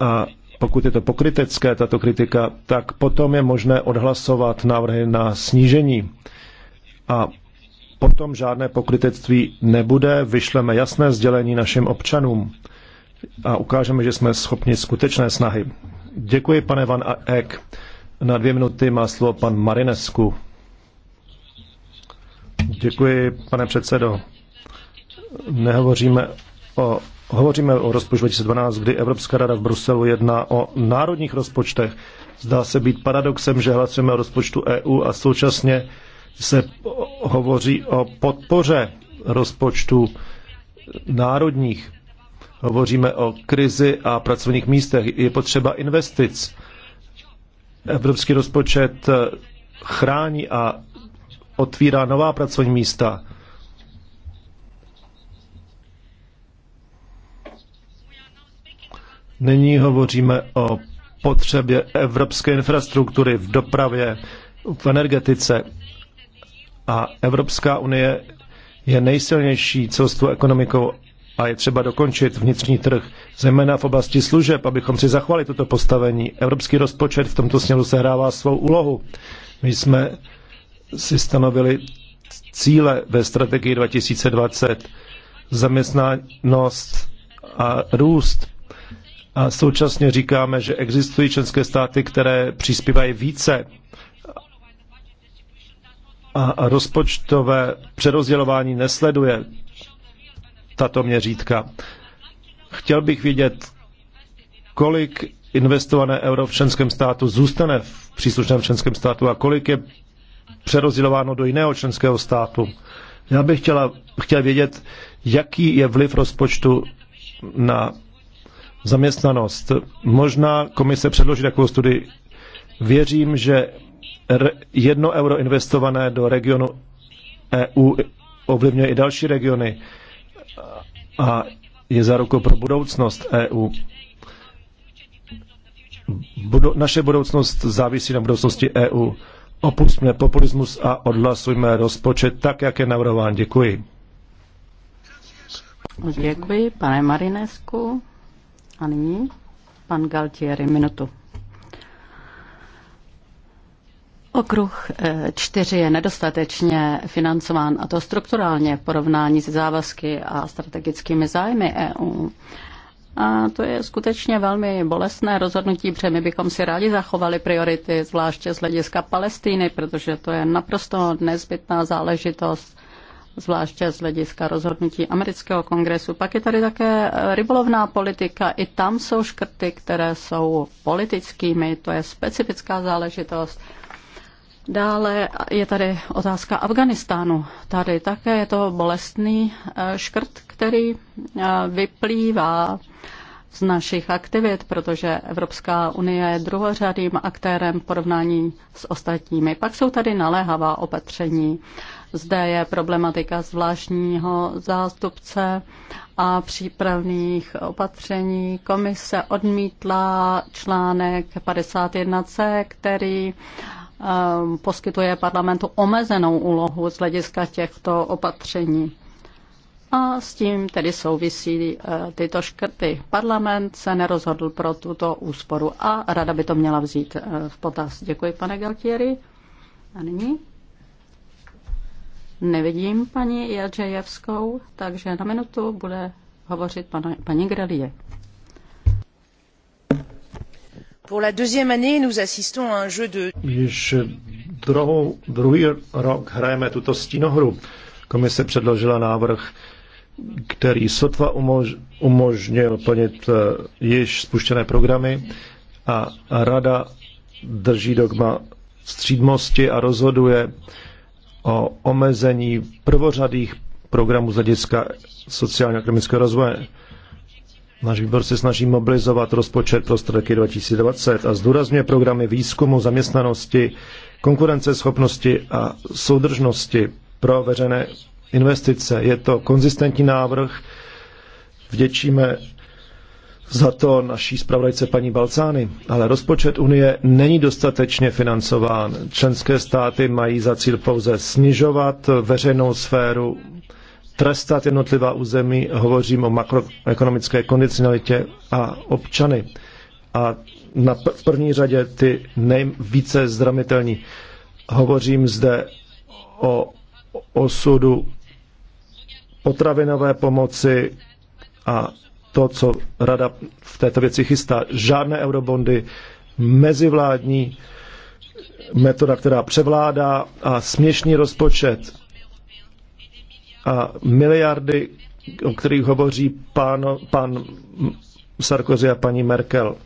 A pokud je to pokrytecké, tato kritika, tak potom je možné odhlasovat návrhy na snížení. A Potom žádné pokrytectví nebude, vyšleme jasné sdělení našim občanům a ukážeme, že jsme schopni skutečné snahy. Děkuji, pane Van Eck. Na dvě minuty má slovo pan Marinesku. Děkuji, pane předsedo. Nehovoříme o, hovoříme o rozpočtu 2012, kdy Evropská rada v Bruselu jedná o národních rozpočtech. Zdá se být paradoxem, že hlasujeme o rozpočtu EU a současně se hovoří o podpoře rozpočtu národních. Hovoříme o krizi a pracovních místech. Je potřeba investic. Evropský rozpočet chrání a otvírá nová pracovní místa. Nyní hovoříme o potřebě evropské infrastruktury v dopravě, v energetice a Evropská unie je nejsilnější celostvou ekonomikou a je třeba dokončit vnitřní trh, zejména v oblasti služeb, abychom si zachovali toto postavení. Evropský rozpočet v tomto směru sehrává svou úlohu. My jsme si stanovili cíle ve strategii 2020, zaměstnanost a růst. A současně říkáme, že existují členské státy, které přispívají více a rozpočtové přerozdělování nesleduje tato měřítka. Chtěl bych vidět, kolik investované euro v členském státu zůstane v příslušném členském státu a kolik je přerozdělováno do jiného členského státu. Já bych chtěla, chtěl vědět, jaký je vliv rozpočtu na zaměstnanost. Možná komise předloží takovou studii. Věřím, že jedno euro investované do regionu EU ovlivňuje i další regiony a je zárukou pro budoucnost EU. Budu, naše budoucnost závisí na budoucnosti EU. Opustme populismus a odhlasujme rozpočet tak, jak je navrhován. Děkuji. Děkuji, pane Marinesku. A nyní pan Galtieri, minutu. Okruh eh, čtyři je nedostatečně financován a to strukturálně v porovnání se závazky a strategickými zájmy EU. A to je skutečně velmi bolestné rozhodnutí, protože my bychom si rádi zachovali priority, zvláště z hlediska Palestíny, protože to je naprosto nezbytná záležitost, zvláště z hlediska rozhodnutí amerického kongresu. Pak je tady také eh, rybolovná politika, i tam jsou škrty, které jsou politickými, to je specifická záležitost. Dále je tady otázka Afganistánu. Tady také je to bolestný eh, škrt, který eh, vyplývá z našich aktivit, protože Evropská unie je druhořadým aktérem v porovnání s ostatními. Pak jsou tady naléhavá opatření. Zde je problematika zvláštního zástupce a přípravných opatření. Komise odmítla článek 51c, který uh, Ehm, poskytuje parlamentu omezenou úlohu z hlediska těchto opatření. A s tím tedy souvisí eh, tyto škrty. Parlament se nerozhodl pro tuto úsporu a rada by to měla vzít eh, v potaz. Děkuji, pane Galtieri. A nyní? Nevidím paní Jadřejevskou, takže na minutu bude hovořit pana, paní Grelie. Pour la deuxième année, nous assistons à un jeu de... Již druhou, druhý rok hrajeme tuto stínohru. Komise předložila návrh, který sotva umož, umožnil plnit eh, již spuštěné programy a rada drží dogma střídmosti a rozhoduje o omezení prvořadých programů z hlediska sociálně-ekonomického rozvoje. Náš výbor se snaží mobilizovat rozpočet pro prostředky 2020 a zdůrazňuje programy výzkumu, zaměstnanosti, konkurenceschopnosti a soudržnosti pro veřejné investice. Je to konzistentní návrh. Vděčíme za to naší zpravodajce paní Balcány, ale rozpočet Unie není dostatečně financován. Členské státy mají za cíl pouze snižovat veřejnou sféru trestat jednotlivá území, hovořím o makroekonomické kondicionalitě a občany. A na v první řadě ty nejvíce zdramitelní. Hovořím zde o osudu potravinové pomoci a to, co rada v této věci chystá. Žádné eurobondy, mezivládní metoda, která převládá a směšný rozpočet a miliardy, o kterých hovoří pán, pan Sarkozy a paní Merkel.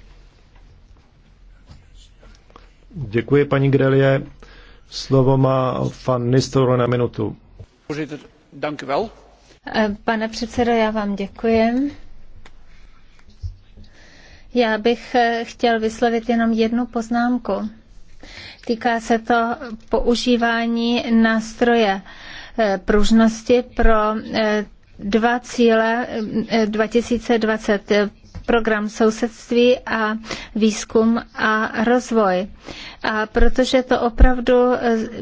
Děkuji, paní Grelie. Slovo má pan Nistor na minutu. Eh, pane předsedo, já vám děkuji. Já bych eh, chtěl vyslovit jenom jednu poznámku. Týká se to používání nástroje Eh, pružnosti pro eh, dva cíle 2020 eh, program sousedství a výzkum a rozvoj. A protože to opravdu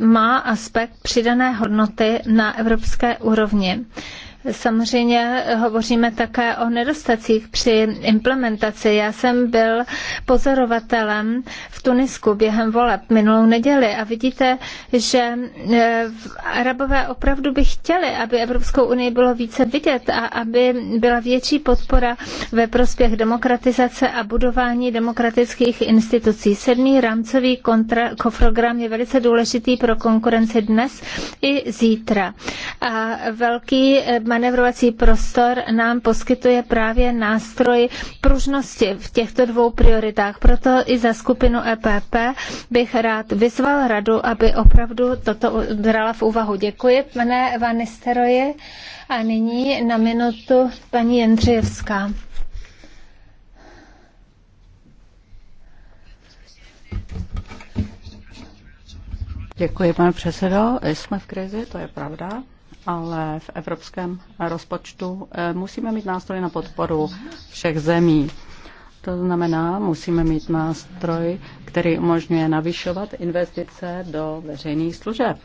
má aspekt přidané hodnoty na evropské úrovni. Samozřejmě hovoříme také o nedostacích při implementaci. Já jsem byl pozorovatelem v Tunisku během voleb minulou neděli a vidíte, že e, Arabové opravdu by chtěli, aby Evropskou unii bylo více vidět a aby byla větší podpora ve prospěch demokratizace a budování demokratických institucí. Sedmý rámcový kontra, program je velice důležitý pro konkurenci dnes i zítra. A velký e, manevrovací prostor nám poskytuje právě nástroj pružnosti v těchto dvou prioritách. Proto i za skupinu EPP bych rád vyzval radu, aby opravdu toto brala v úvahu. Děkuji, pane Vanisteroje. A nyní na minutu paní Jendřejevská. Děkuji, pane předsedo. Jsme v krizi, to je pravda ale v evropském rozpočtu eh, musíme mít nástroj na podporu všech zemí. To znamená, musíme mít nástroj, který umožňuje navyšovat investice do veřejných služeb.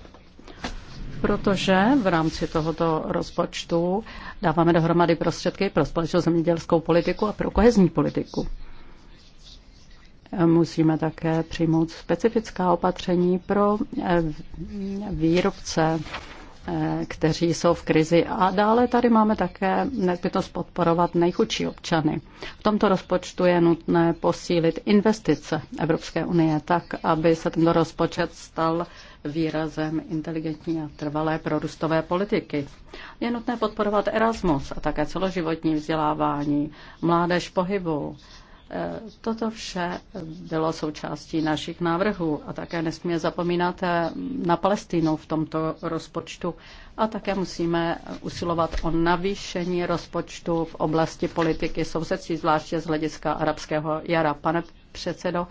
Protože v rámci tohoto rozpočtu dáváme dohromady prostředky pro společnou zemědělskou politiku a pro kohezní politiku. Musíme také přijmout specifická opatření pro eh, výrobce kteří jsou v krizi. A dále tady máme také nezbytnost podporovat nejchudší občany. V tomto rozpočtu je nutné posílit investice Evropské unie tak, aby se tento rozpočet stal výrazem inteligentní a trvalé prorůstové politiky. Je nutné podporovat Erasmus a také celoživotní vzdělávání, mládež pohybu, Eh, toto vše bylo součástí našich návrhů a také nesmíme zapomínat eh, na Palestínu v tomto rozpočtu a také musíme usilovat o navýšení rozpočtu v oblasti politiky sousedství, zvláště z hlediska arabského jara. Pane předsedo,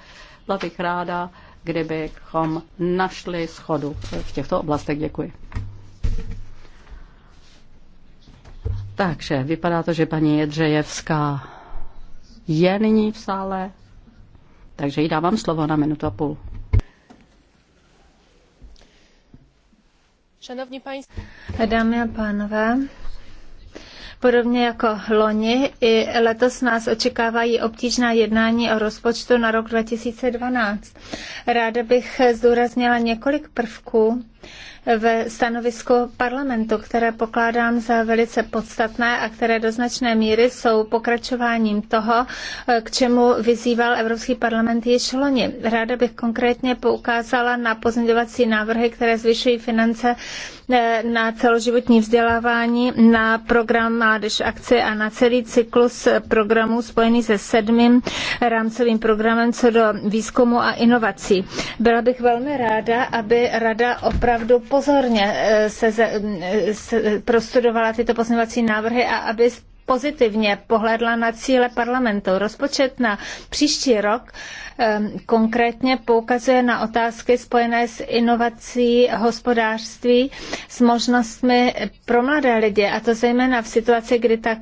byla bych ráda, kdybychom našli schodu v těchto oblastech. Děkuji. Takže vypadá to, že paní Jedřejevská je nyní v sále, takže jí dávám slovo na minutu a půl. Dámy a pánové, Podobně jako loni, i letos nás očekávají obtížná jednání o rozpočtu na rok 2012. Ráda bych zdůraznila několik prvků, ve stanovisku parlamentu, které pokládám za velice podstatné a které do značné míry jsou pokračováním toho, k čemu vyzýval Evropský parlament již loni. Ráda bych konkrétně poukázala na pozměňovací návrhy, které zvyšují finance eh, na celoživotní vzdělávání, na program Mládež akce a na celý cyklus programů spojený se sedmým rámcovým programem co do výzkumu a inovací. Byla bych velmi ráda, aby Rada opravdu opravdu pozorně eh, se, se eh, prostudovala tyto pozměňovací návrhy a aby pozitivně pohledla na cíle parlamentu. Rozpočet na příští rok Ehm, konkrétně poukazuje na otázky spojené s inovací hospodářství, s možnostmi pro mladé lidi, a to zejména v situaci, kdy tak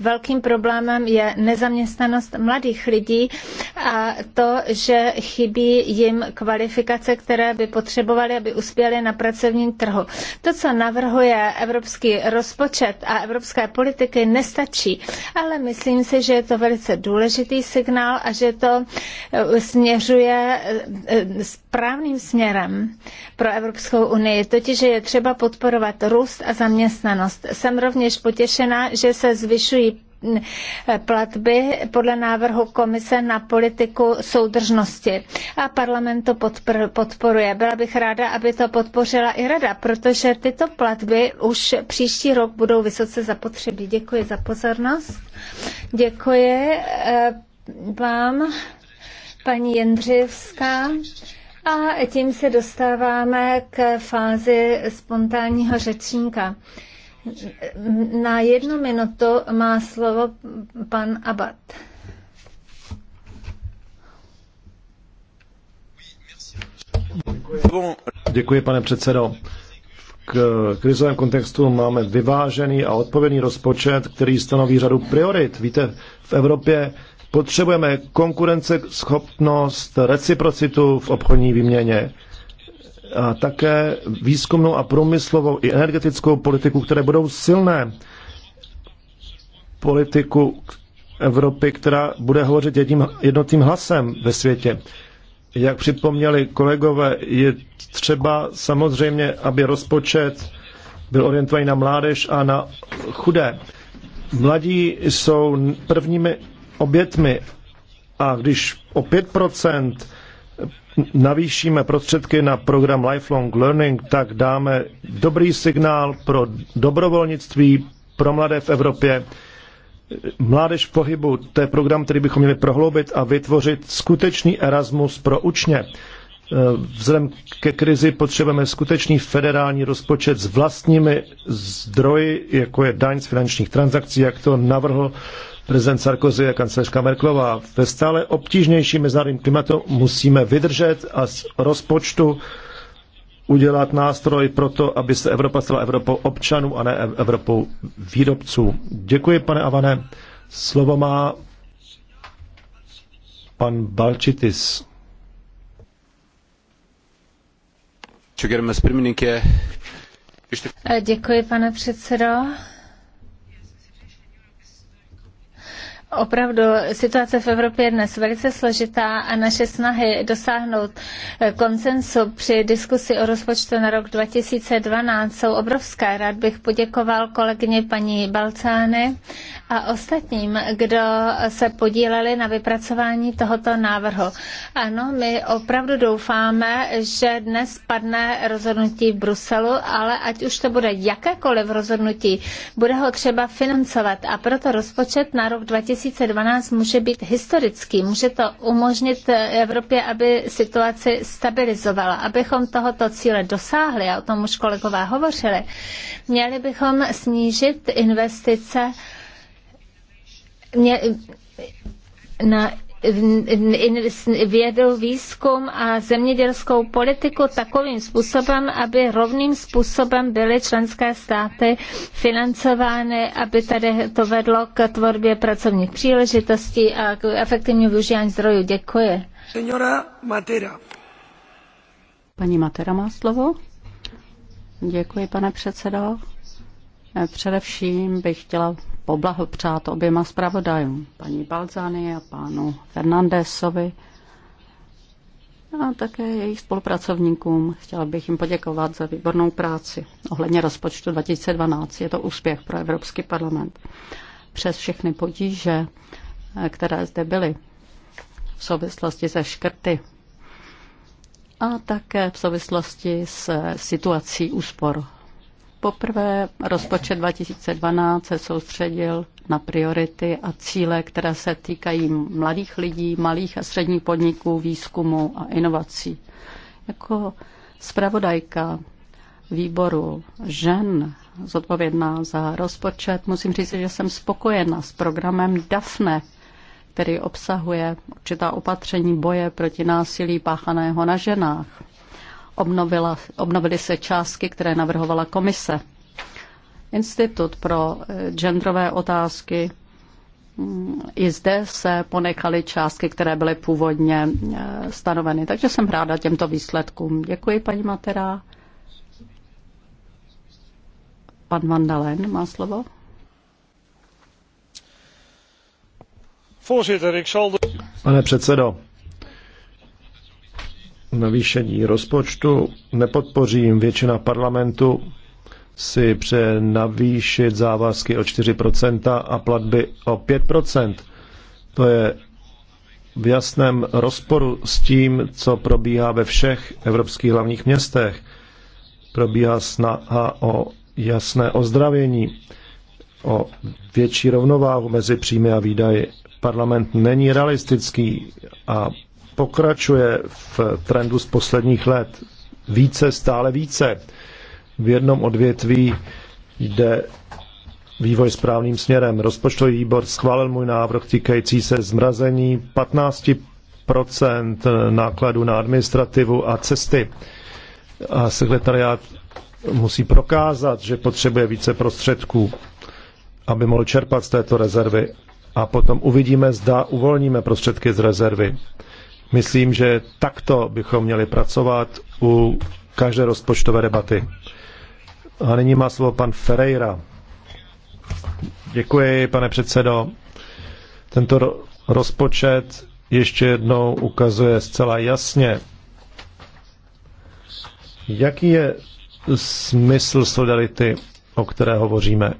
velkým problémem je nezaměstnanost mladých lidí a to, že chybí jim kvalifikace, které by potřebovali, aby uspěli na pracovním trhu. To, co navrhuje evropský rozpočet a evropské politiky, nestačí, ale myslím si, že je to velice důležitý signál a že to směřuje eh, eh, správným směrem pro Evropskou unii, totiž je třeba podporovat růst a zaměstnanost. Jsem rovněž potěšena, že se zvyšují mm, eh, platby podle návrhu komise na politiku soudržnosti. A parlament to podporuje. Byla bych ráda, aby to podpořila i rada, protože tyto platby už příští rok budou vysoce zapotřebí. Děkuji za pozornost. Děkuji vám paní Jendřivská. A tím se dostáváme k fázi spontánního řečníka. Na jednu minutu má slovo pan Abad. Děkuji, pane předsedo. K krizovém kontextu máme vyvážený a odpovědný rozpočet, který stanoví řadu priorit. Víte, v Evropě Potřebujeme konkurenceschopnost, reciprocitu v obchodní výměně a také výzkumnou a průmyslovou i energetickou politiku, které budou silné. Politiku Evropy, která bude hovořit jedním, jednotným hlasem ve světě. Jak připomněli kolegové, je třeba samozřejmě, aby rozpočet byl orientovaný na mládež a na chudé. Mladí jsou prvními obětmi. A když o 5% navýšíme prostředky na program Lifelong Learning, tak dáme dobrý signál pro dobrovolnictví, pro mladé v Evropě. Mládež v pohybu, to je program, který bychom měli prohloubit a vytvořit skutečný Erasmus pro učně. E, vzhledem ke krizi potřebujeme skutečný federální rozpočet s vlastními zdroji, jako je daň z finančních transakcí, jak to navrhl prezident Sarkozy a kancelářka Merklová. Ve stále obtížnějším mezinárodním klimatu musíme vydržet a z rozpočtu udělat nástroj pro to, aby se Evropa stala Evropou občanů a ne Evropou výrobců. Děkuji, pane Avane. Slovo má pan Balčitis. Děkuji, pane předsedo. Opravdu situace v Evropě je dnes velice složitá a naše snahy dosáhnout eh, konsensu při diskusi o rozpočtu na rok 2012 jsou obrovské. Rád bych poděkoval kolegyně paní Balcány a ostatním, kdo se podíleli na vypracování tohoto návrhu. Ano, my opravdu doufáme, že dnes padne rozhodnutí v Bruselu, ale ať už to bude jakékoliv rozhodnutí, bude ho třeba financovat a proto rozpočet na rok 2012 2012 může být historický. Může to umožnit Evropě, aby situaci stabilizovala. Abychom tohoto cíle dosáhli, a o tom už kolegové hovořili, měli bychom snížit investice mě, na vědu, výzkum a zemědělskou politiku takovým způsobem, aby rovným způsobem byly členské státy financovány, aby tady to vedlo k tvorbě pracovních příležitostí a k efektivnímu využívání zdrojů. Děkuji. Senora Matera. Paní Matera má slovo. Děkuji, pane předsedo. Především bych chtěla poblahopřát oběma zpravodajům, paní Balzány a pánu Fernandesovi a také jejich spolupracovníkům. Chtěla bych jim poděkovat za výbornou práci ohledně rozpočtu 2012. Je to úspěch pro Evropský parlament. Přes všechny potíže, které zde byly v souvislosti se škrty a také v souvislosti s situací úspor Poprvé rozpočet 2012 se soustředil na priority a cíle, které se týkají mladých lidí, malých a středních podniků, výzkumu a inovací. Jako zpravodajka výboru žen zodpovědná za rozpočet, musím říct, že jsem spokojena s programem DAFNE, který obsahuje určitá opatření boje proti násilí páchaného na ženách obnovila, obnovily se částky, které navrhovala komise. Institut pro eh, genderové otázky mm, i zde se ponechaly částky, které byly původně eh, stanoveny. Takže jsem ráda těmto výsledkům. Děkuji, paní Matera. Pan Vandalen má slovo. Pane předsedo, navýšení rozpočtu nepodpořím. Většina parlamentu si pře navýšit závazky o 4% a platby o 5%. To je v jasném rozporu s tím, co probíhá ve všech evropských hlavních městech. Probíhá snaha o jasné ozdravění, o větší rovnováhu mezi příjmy a výdaji. Parlament není realistický a pokračuje v trendu z posledních let. Více, stále více. V jednom odvětví jde vývoj správným směrem. Rozpočtový výbor schválil můj návrh týkající se zmrazení 15 nákladů na administrativu a cesty. A sekretariát musí prokázat, že potřebuje více prostředků, aby mohl čerpat z této rezervy. A potom uvidíme, zda uvolníme prostředky z rezervy. Myslím, že takto bychom měli pracovat u každé rozpočtové debaty. A nyní má slovo pan Ferreira. Děkuji, pane předsedo. Tento rozpočet ještě jednou ukazuje zcela jasně, jaký je smysl solidarity, o které hovoříme.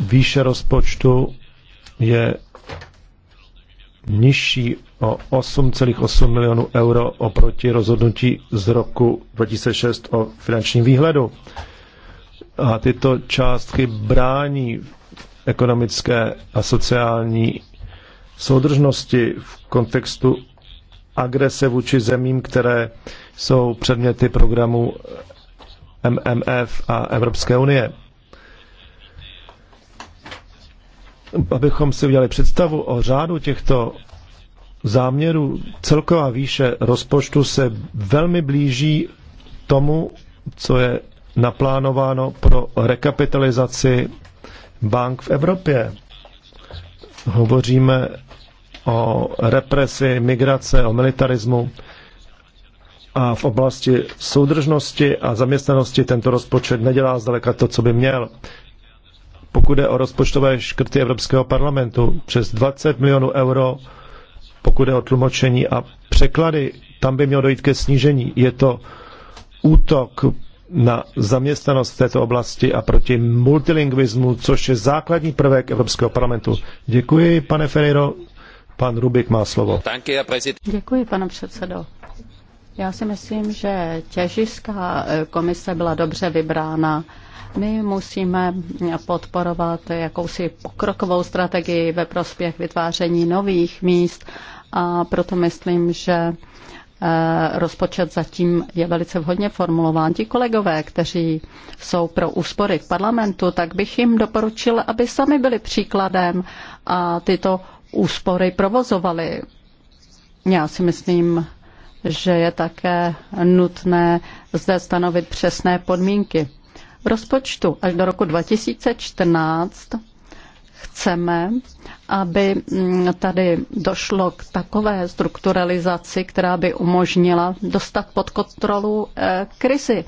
Výše rozpočtu je nižší o 8,8 milionů euro oproti rozhodnutí z roku 2006 o finančním výhledu. A tyto částky brání ekonomické a sociální soudržnosti v kontextu agrese vůči zemím, které jsou předměty programu MMF a Evropské unie. abychom si udělali představu o řádu těchto záměrů, celková výše rozpočtu se velmi blíží tomu, co je naplánováno pro rekapitalizaci bank v Evropě. Hovoříme o represi, migrace, o militarismu a v oblasti soudržnosti a zaměstnanosti tento rozpočet nedělá zdaleka to, co by měl pokud jde o rozpočtové škrty Evropského parlamentu, přes 20 milionů euro, pokud jde o tlumočení a překlady, tam by mělo dojít ke snížení. Je to útok na zaměstnanost v této oblasti a proti multilingvismu, což je základní prvek Evropského parlamentu. Děkuji, pane Ferreiro. Pan Rubik má slovo. Děkuji, pane předsedo. Já si myslím, že těžiská komise byla dobře vybrána my musíme podporovat jakousi pokrokovou strategii ve prospěch vytváření nových míst a proto myslím, že eh, rozpočet zatím je velice vhodně formulován. Ti kolegové, kteří jsou pro úspory v parlamentu, tak bych jim doporučil, aby sami byli příkladem a tyto úspory provozovali. Já si myslím, že je také nutné zde stanovit přesné podmínky rozpočtu až do roku 2014 chceme, aby mm, tady došlo k takové strukturalizaci, která by umožnila dostat pod kontrolu eh, krizi.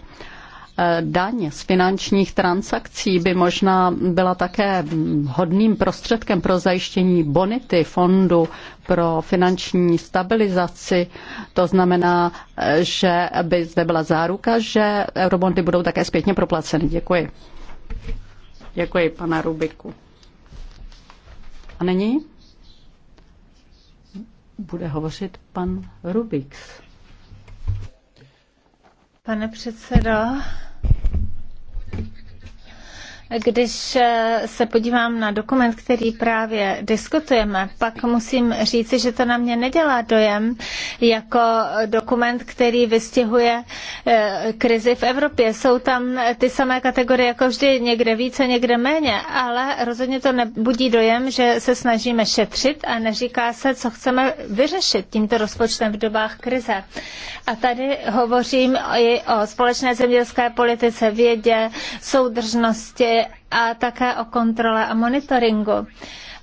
Eh, daň z finančních transakcí by možná byla také hodným prostředkem pro zajištění bonity fondu pro finanční stabilizaci. To znamená, eh, že by zde byla záruka, že eurobondy budou také zpětně proplaceny. Děkuji. Děkuji, pana Rubiku. A není? bude hovořit pan Rubiks. Pane předsedo, když eh, se podívám na dokument, který právě diskutujeme, pak musím říci, že to na mě nedělá dojem jako dokument, který vystihuje eh, krizi v Evropě. Jsou tam ty samé kategorie jako vždy, někde více, někde méně, ale rozhodně to nebudí dojem, že se snažíme šetřit a neříká se, co chceme vyřešit tímto rozpočtem v dobách krize. A tady hovořím i o společné zemědělské politice, vědě, soudržnosti, a také o kontrole a monitoringu.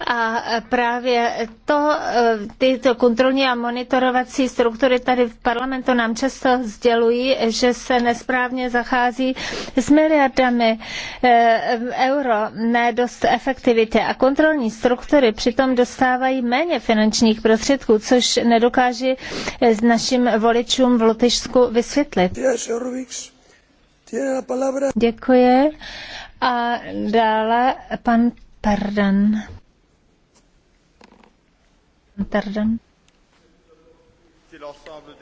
A právě to, eh, tyto kontrolní a monitorovací struktury tady v parlamentu nám často sdělují, že se nesprávně zachází s miliardami eh, euro, ne dost efektivitě. A kontrolní struktury přitom dostávají méně finančních prostředků, což nedokáže eh, s našim voličům v Lotyšsku vysvětlit. Děkuji. A dále pan Perdan. Perdan. L'ensemble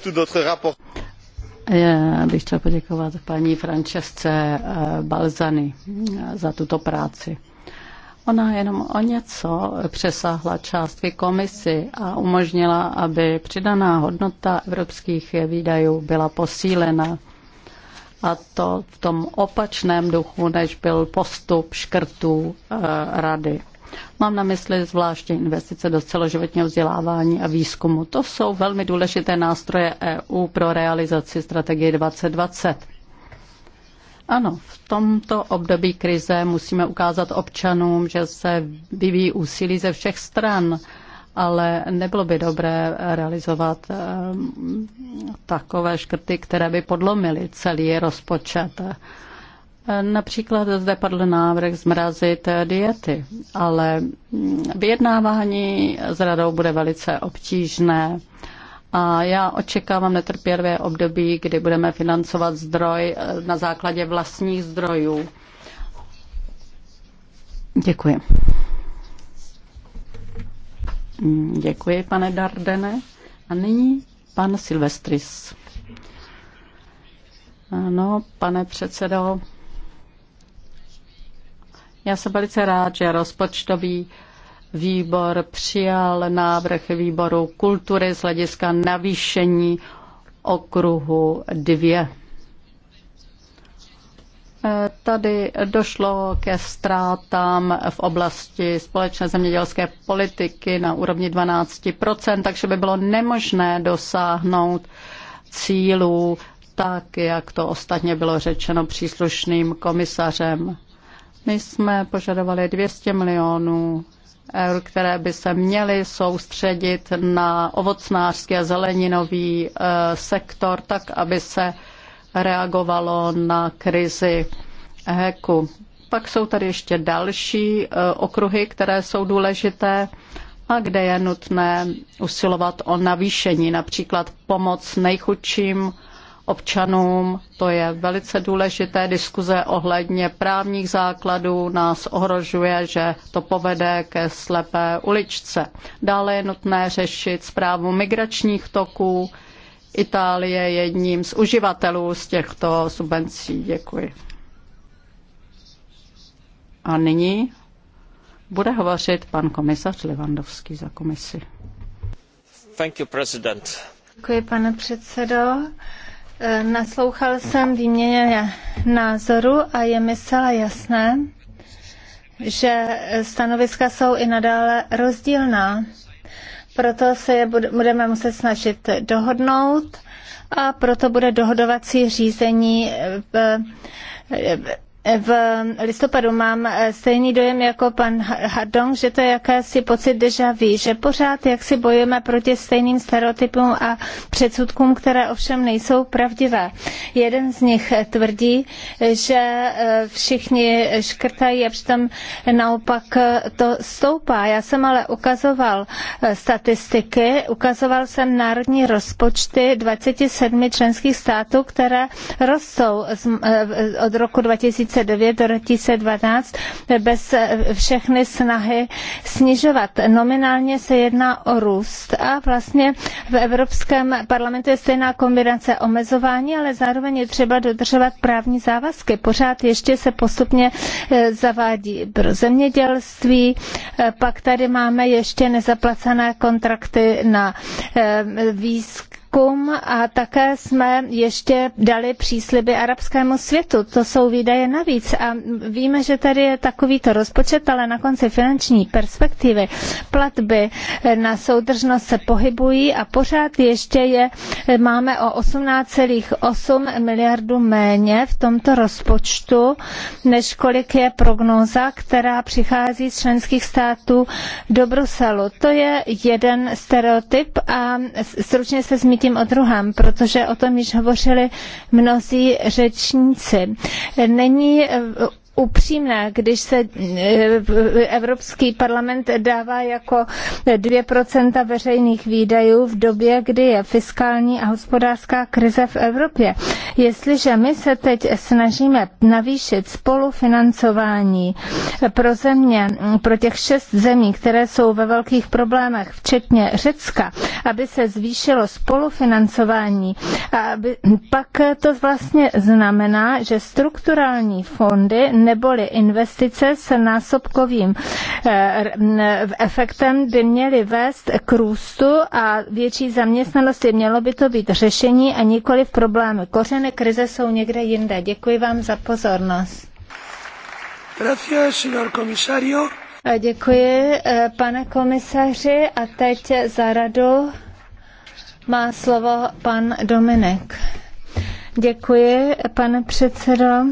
Já bych chtěl poděkovat paní Francesce eh, Balzany eh, za tuto práci. Ona jenom o něco přesáhla částky komisy a umožnila, aby přidaná hodnota evropských výdajů byla posílena. A to v tom opačném duchu, než byl postup škrtů e, rady. Mám na mysli zvláště investice do celoživotního vzdělávání a výzkumu. To jsou velmi důležité nástroje EU pro realizaci strategie 2020. Ano, v tomto období krize musíme ukázat občanům, že se vyvíjí úsilí ze všech stran, ale nebylo by dobré realizovat eh, takové škrty, které by podlomily celý rozpočet. Eh, například zde padl návrh zmrazit eh, diety, ale mm, vyjednávání s radou bude velice obtížné a já očekávám netrpělivé období, kdy budeme financovat zdroj eh, na základě vlastních zdrojů. Děkuji. Mm, děkuji, pane Dardene. A nyní pan Silvestris. Ano, pane předsedo, já jsem velice rád, že rozpočtový výbor přijal návrh výboru kultury z hlediska navýšení okruhu 2. E, tady došlo ke ztrátám v oblasti společné zemědělské politiky na úrovni 12%, takže by bylo nemožné dosáhnout cílů tak, jak to ostatně bylo řečeno příslušným komisařem. My jsme požadovali 200 milionů Eh, které by se měly soustředit na ovocnářský a zeleninový eh, sektor, tak aby se reagovalo na krizi heku. Pak jsou tady ještě další eh, okruhy, které jsou důležité a kde je nutné usilovat o navýšení, například pomoc nejchudším občanům. To je velice důležité. Diskuze ohledně právních základů nás ohrožuje, že to povede ke slepé uličce. Dále je nutné řešit zprávu migračních toků. Itálie je jedním z uživatelů z těchto subvencí. Děkuji. A nyní bude hovořit pan komisař Levandovský za komisi. Thank you, president. Děkuji, pane předsedo. Eh, naslouchal jsem výměně názoru a je mi zcela jasné, že stanoviska jsou i nadále rozdílná. Proto se je budeme muset snažit dohodnout a proto bude dohodovací řízení v eh, eh, v listopadu mám eh, stejný dojem jako pan Hardong, že to je jakési pocit deja vu, že pořád jak si bojujeme proti stejným stereotypům a předsudkům, které ovšem nejsou pravdivé. Jeden z nich eh, tvrdí, že eh, všichni škrtají a přitom naopak to stoupá. Já jsem ale ukazoval statistiky, ukazoval jsem národní rozpočty 27 členských států, které rostou od roku 2000 2009-2012 bez všechny snahy snižovat. Nominálně se jedná o růst a vlastně v Evropském parlamentu je stejná kombinace omezování, ale zároveň je třeba dodržovat právní závazky. Pořád ještě se postupně eh, zavádí pro zemědělství, eh, pak tady máme ještě nezaplacené kontrakty na eh, výzkum Kum a také jsme ještě dali přísliby arabskému světu. To jsou výdaje navíc a víme, že tady je takovýto rozpočet, ale na konci finanční perspektivy platby na soudržnost se pohybují a pořád ještě je máme o 18,8 miliardů méně v tomto rozpočtu, než kolik je prognóza, která přichází z členských států do Bruselu. To je jeden stereotyp a stručně se zmíním určitým odruhám, protože o tom již hovořili mnozí řečníci. Není eh, upřímné, když se eh, Evropský parlament dává jako 2% veřejných výdajů v době, kdy je fiskální a hospodářská krize v Evropě. Jestliže my se teď snažíme navýšit spolufinancování pro země, pro těch šest zemí, které jsou ve velkých problémech, včetně Řecka, aby se zvýšilo spolufinancování, a aby, pak to vlastně znamená, že strukturální fondy ne neboli investice s násobkovým eh, efektem by měly vést k růstu a větší zaměstnanosti. Mělo by to být řešení a nikoli v problémy. Kořeny krize jsou někde jinde. Děkuji vám za pozornost. Gracias, señor comisario. Eh, děkuji, eh, pane komisaři. A teď za radu má slovo pan Dominik. Děkuji, pane předsedo.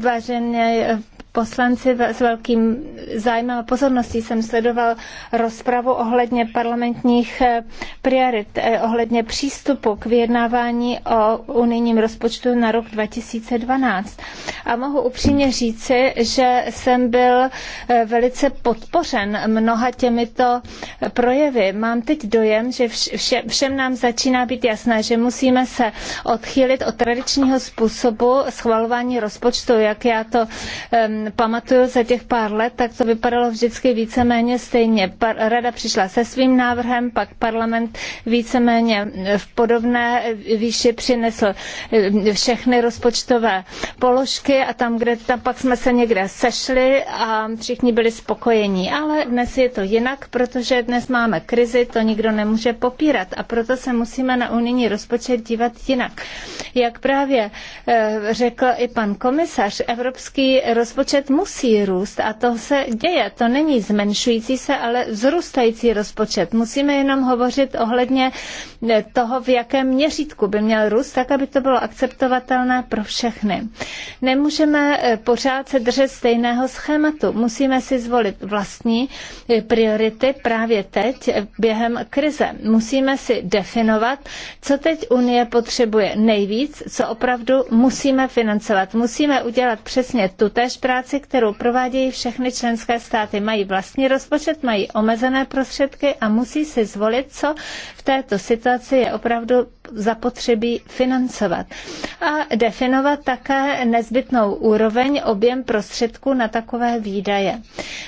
Vážené poslanci s velkým zájmem a pozorností jsem sledoval rozpravu ohledně parlamentních eh, priorit, eh, ohledně přístupu k vyjednávání o unijním rozpočtu na rok 2012. A mohu upřímně říci, že jsem byl eh, velice podpořen mnoha těmito projevy. Mám teď dojem, že vše, všem nám začíná být jasné, že musíme se odchýlit od tradičního způsobu schvalování rozpočtu, jak já to um, pamatuju za těch pár let, tak to vypadalo vždycky víceméně stejně. Rada přišla se svým návrhem, pak parlament víceméně v podobné výši přinesl eh, všechny rozpočtové položky a tam, kde tam pak jsme se někde sešli a všichni byli spokojení. Ale dnes je to jinak, protože dnes máme krizi, to nikdo nemůže popírat a proto se musíme na unijní rozpočet dívat jinak. Jak právě eh, řekl i pan komisař, evropský rozpočet rozpočet musí růst a to se děje. To není zmenšující se, ale vzrůstající rozpočet. Musíme jenom hovořit ohledně eh, toho, v jakém měřítku by měl růst, tak, aby to bylo akceptovatelné pro všechny. Nemůžeme eh, pořád se držet stejného schématu. Musíme si zvolit vlastní eh, priority právě teď během krize. Musíme si definovat, co teď Unie potřebuje nejvíc, co opravdu musíme financovat. Musíme udělat přesně tutéž práci, práci, kterou provádějí všechny členské státy. Mají vlastní rozpočet, mají omezené prostředky a musí si zvolit, co v této situaci je opravdu zapotřebí financovat a definovat také nezbytnou úroveň objem prostředků na takové výdaje.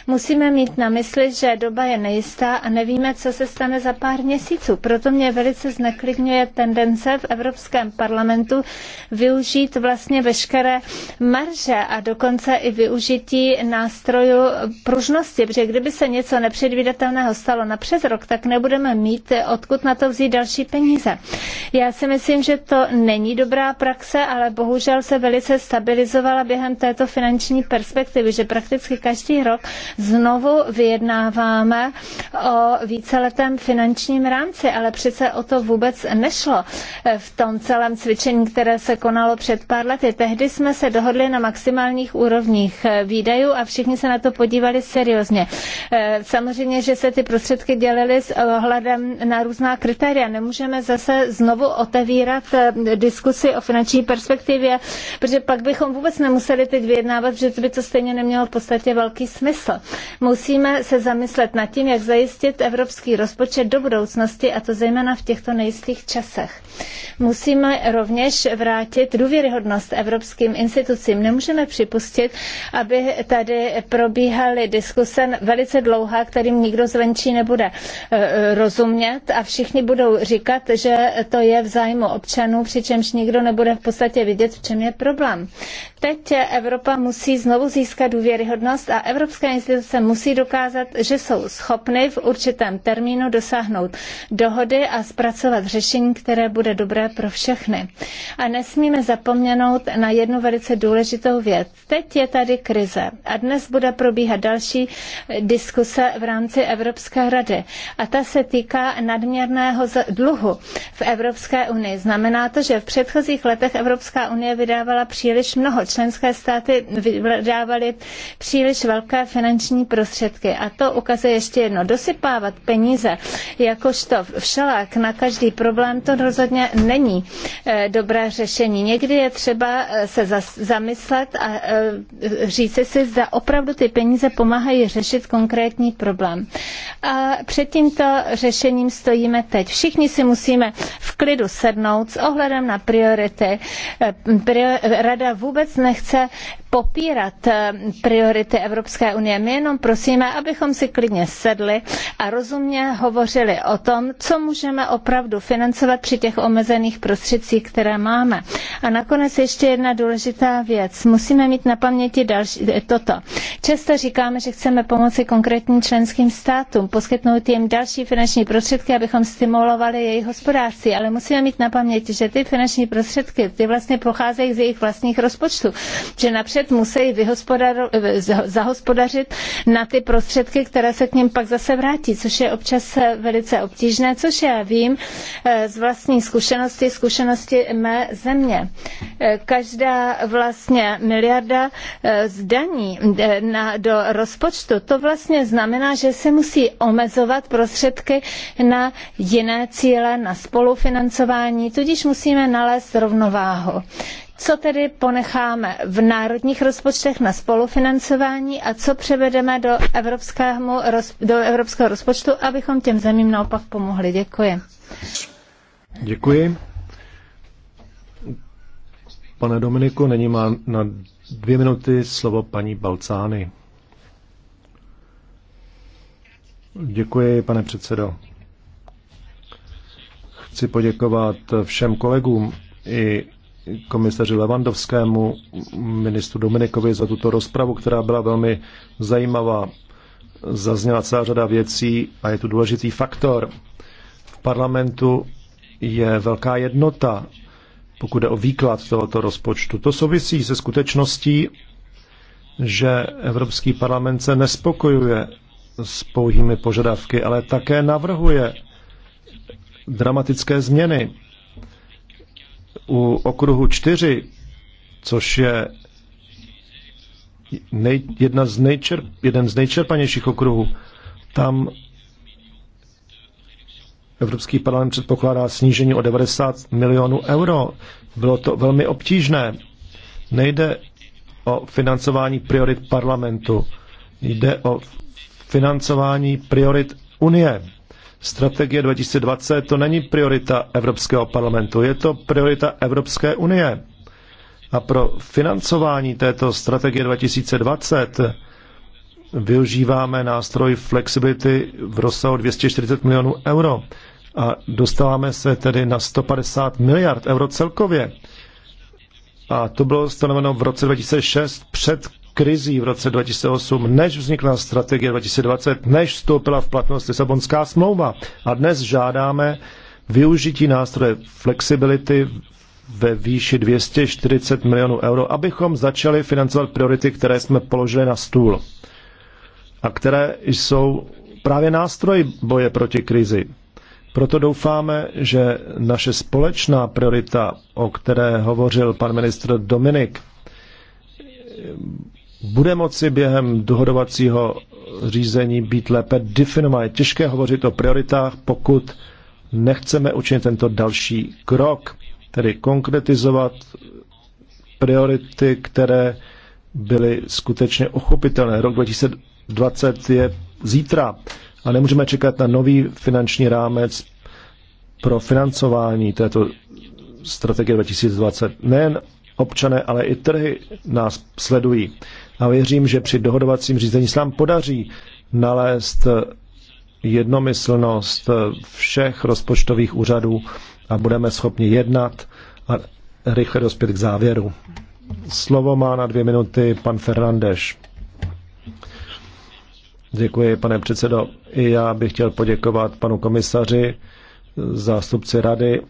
Musíme mít na mysli, že doba je nejistá a nevíme, co se stane za pár měsíců. Proto mě velice zneklidňuje tendence v Evropském parlamentu využít vlastně veškeré marže a dokonce i využití nástrojů pružnosti, protože kdyby se něco nepředvídatelného stalo na přes rok, tak nebudeme mít odkud na to vzít další peníze. Já si myslím, že to není dobrá praxe, ale bohužel se velice stabilizovala během této finanční perspektivy, že prakticky každý rok znovu vyjednáváme o víceletém finančním rámci, ale přece o to vůbec nešlo v tom celém cvičení, které se konalo před pár lety. Tehdy jsme se dohodli na maximálních úrovních výdajů a všichni se na to podívali seriózně. Eh, samozřejmě, že se ty prostředky dělily s ohledem na různá kritéria. Nemůžeme zase znovu znovu otevírat eh, diskusi o finanční perspektivě, protože pak bychom vůbec nemuseli teď vyjednávat, že by to stejně nemělo v podstatě velký smysl. Musíme se zamyslet nad tím, jak zajistit evropský rozpočet do budoucnosti, a to zejména v těchto nejistých časech. Musíme rovněž vrátit důvěryhodnost evropským institucím. Nemůžeme připustit, aby tady probíhaly diskuse velice dlouhá, kterým nikdo zvenčí nebude eh, rozumět a všichni budou říkat, že to je v zájmu občanů, přičemž nikdo nebude v podstatě vidět, v čem je problém. Teď Evropa musí znovu získat důvěryhodnost a evropské instituce musí dokázat, že jsou schopny v určitém termínu dosáhnout dohody a zpracovat řešení, které bude dobré pro všechny. A nesmíme zapomenout na jednu velice důležitou věc. Teď je tady krize a dnes bude probíhat další diskuse v rámci Evropské rady. A ta se týká nadměrného dluhu v Evropě. Evropské unii. Znamená to, že v předchozích letech Evropská unie vydávala příliš mnoho. Členské státy vydávaly příliš velké finanční prostředky. A to ukazuje ještě jedno. Dosypávat peníze jakožto všelák na každý problém, to rozhodně není eh, dobré řešení. Někdy je třeba eh, se zamyslet a eh, říci si, zda opravdu ty peníze pomáhají řešit konkrétní problém. A před tímto řešením stojíme teď. Všichni si musíme v klidu sednout s ohledem na priority. Eh, Rada vůbec nechce popírat eh, priority Evropské unie. My jenom prosíme, abychom si klidně sedli a rozumně hovořili o tom, co můžeme opravdu financovat při těch omezených prostředcích, které máme. A nakonec ještě jedna důležitá věc. Musíme mít na paměti další, eh, toto. Často říkáme, že chceme pomoci konkrétním členským státům, poskytnout jim další finanční prostředky, abychom stimulovali jejich hospodářství, ale musíme mít na paměti, že ty finanční prostředky, ty vlastně pocházejí z jejich vlastních rozpočtů. Že například rozpočet musí eh, zahospodařit na ty prostředky, které se k ním pak zase vrátí, což je občas eh, velice obtížné, což já vím eh, z vlastní zkušenosti, zkušenosti mé země. Každá vlastně miliarda z daní na, do rozpočtu, to vlastně znamená, že se musí omezovat prostředky na jiné cíle, na spolufinancování, tudíž musíme nalézt rovnováhu. Co tedy ponecháme v národních rozpočtech na spolufinancování a co převedeme do evropského, do evropského rozpočtu, abychom těm zemím naopak pomohli? Děkuji. Děkuji. Pane Dominiku, není má na dvě minuty slovo paní Balcány. Děkuji, pane předsedo. Chci poděkovat všem kolegům i komisaři Levandovskému, ministru Dominikovi za tuto rozpravu, která byla velmi zajímavá. Zazněla celá řada věcí a je tu důležitý faktor. V parlamentu je velká jednota, pokud jde o výklad tohoto rozpočtu. To souvisí se skutečností, že Evropský parlament se nespokojuje s pouhými požadavky, ale také navrhuje dramatické změny u okruhu 4, což je nej, jedna z nejčerp, jeden z nejčerpanějších okruhů, tam Evropský parlament předpokládá snížení o 90 milionů euro. Bylo to velmi obtížné. Nejde o financování priorit parlamentu. Jde o financování priorit Unie. Strategie 2020 to není priorita Evropského parlamentu, je to priorita Evropské unie. A pro financování této strategie 2020 využíváme nástroj flexibility v rozsahu 240 milionů euro a dostáváme se tedy na 150 miliard euro celkově. A to bylo stanoveno v roce 2006 před krizí v roce 2008, než vznikla strategie 2020, než vstoupila v platnost Lisabonská smlouva. A dnes žádáme využití nástroje flexibility ve výši 240 milionů euro, abychom začali financovat priority, které jsme položili na stůl a které jsou právě nástroj boje proti krizi. Proto doufáme, že naše společná priorita, o které hovořil pan ministr Dominik, bude moci během dohodovacího řízení být lépe definovat. Je těžké hovořit o prioritách, pokud nechceme učinit tento další krok, tedy konkretizovat priority, které byly skutečně ochopitelné. Rok 2020 je zítra a nemůžeme čekat na nový finanční rámec pro financování této strategie 2020. Nejen občané, ale i trhy nás sledují a věřím, že při dohodovacím řízení se nám podaří nalézt jednomyslnost všech rozpočtových úřadů a budeme schopni jednat a rychle dospět k závěru. Slovo má na dvě minuty pan Fernandeš. Děkuji, pane předsedo. I já bych chtěl poděkovat panu komisaři, zástupci rady,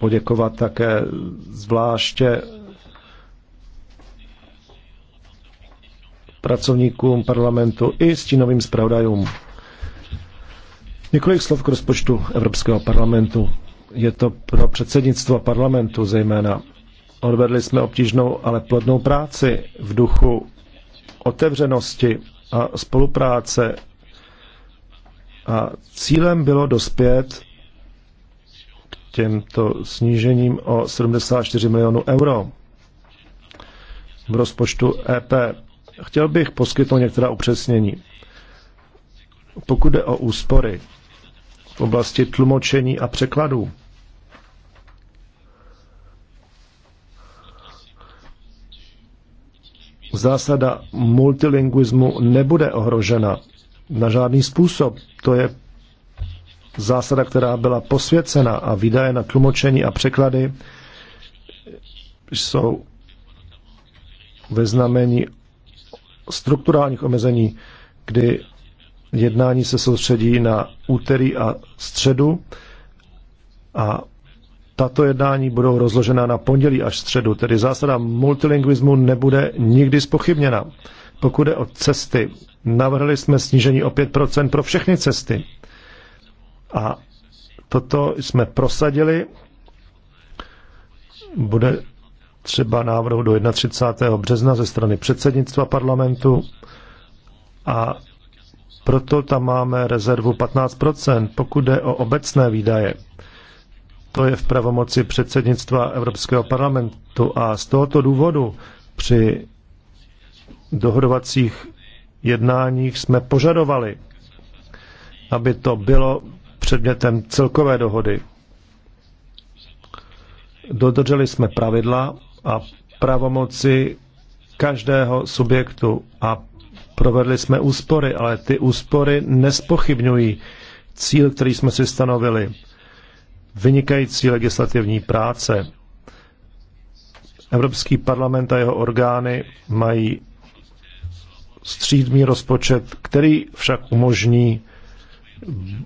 poděkovat také zvláště pracovníkům parlamentu i stínovým zpravodajům. Několik slov k rozpočtu Evropského parlamentu. Je to pro předsednictvo parlamentu zejména. Odvedli jsme obtížnou, ale plodnou práci v duchu otevřenosti a spolupráce. A cílem bylo dospět k těmto snížením o 74 milionů euro v rozpočtu EP. Chtěl bych poskytnout některá upřesnění. Pokud jde o úspory v oblasti tlumočení a překladů, zásada multilingvismu nebude ohrožena na žádný způsob. To je zásada, která byla posvěcena a výdaje na tlumočení a překlady jsou ve znamení strukturálních omezení, kdy jednání se soustředí na úterý a středu a tato jednání budou rozložena na pondělí až středu, tedy zásada multilingvismu nebude nikdy spochybněna. Pokud je o cesty, navrhli jsme snížení o 5% pro všechny cesty. A toto jsme prosadili. Bude třeba návrhu do 31. března ze strany předsednictva parlamentu a proto tam máme rezervu 15%, pokud jde o obecné výdaje. To je v pravomoci předsednictva Evropského parlamentu a z tohoto důvodu při dohodovacích jednáních jsme požadovali, aby to bylo předmětem celkové dohody. Dodrželi jsme pravidla a pravomoci každého subjektu a provedli jsme úspory, ale ty úspory nespochybňují cíl, který jsme si stanovili. Vynikající legislativní práce. Evropský parlament a jeho orgány mají střídmý rozpočet, který však umožní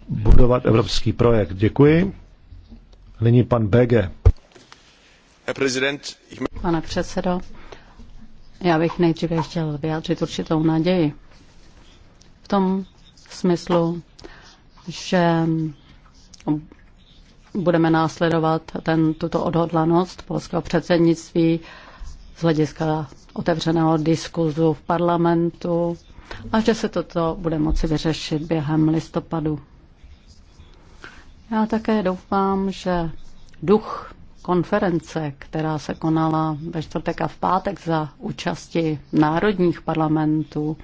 budovat evropský projekt. Děkuji. Nyní pan Bege. Pane předsedo, já bych nejdříve chtěl vyjádřit určitou naději. V tom smyslu, že budeme následovat ten, tuto odhodlanost polského předsednictví z hlediska otevřeného diskuzu v parlamentu a že se toto bude moci vyřešit během listopadu. Já také doufám, že duch konference, která se konala ve čtvrtek a v pátek za účasti národních parlamentů.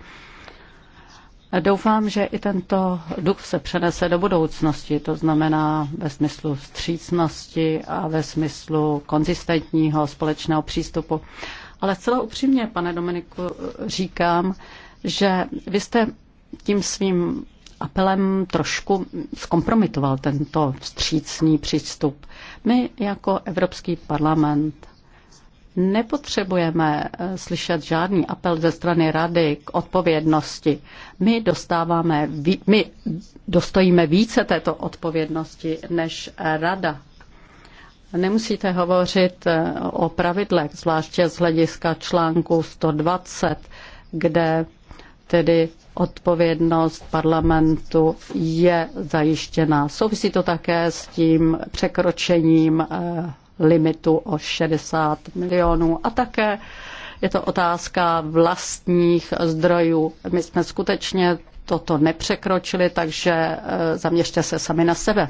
Doufám, že i tento duch se přenese do budoucnosti, to znamená ve smyslu vstřícnosti a ve smyslu konzistentního společného přístupu. Ale zcela upřímně, pane Dominiku, říkám, že vy jste tím svým apelem trošku zkompromitoval tento vstřícný přístup. My jako Evropský parlament nepotřebujeme eh, slyšet žádný apel ze strany rady k odpovědnosti. My dostáváme, my dostojíme více této odpovědnosti než rada. Nemusíte hovořit eh, o pravidlech, zvláště z hlediska článku 120, kde tedy odpovědnost parlamentu je zajištěna. Souvisí to také s tím překročením eh, limitu o 60 milionů a také je to otázka vlastních zdrojů. My jsme skutečně toto nepřekročili, takže eh, zaměřte se sami na sebe.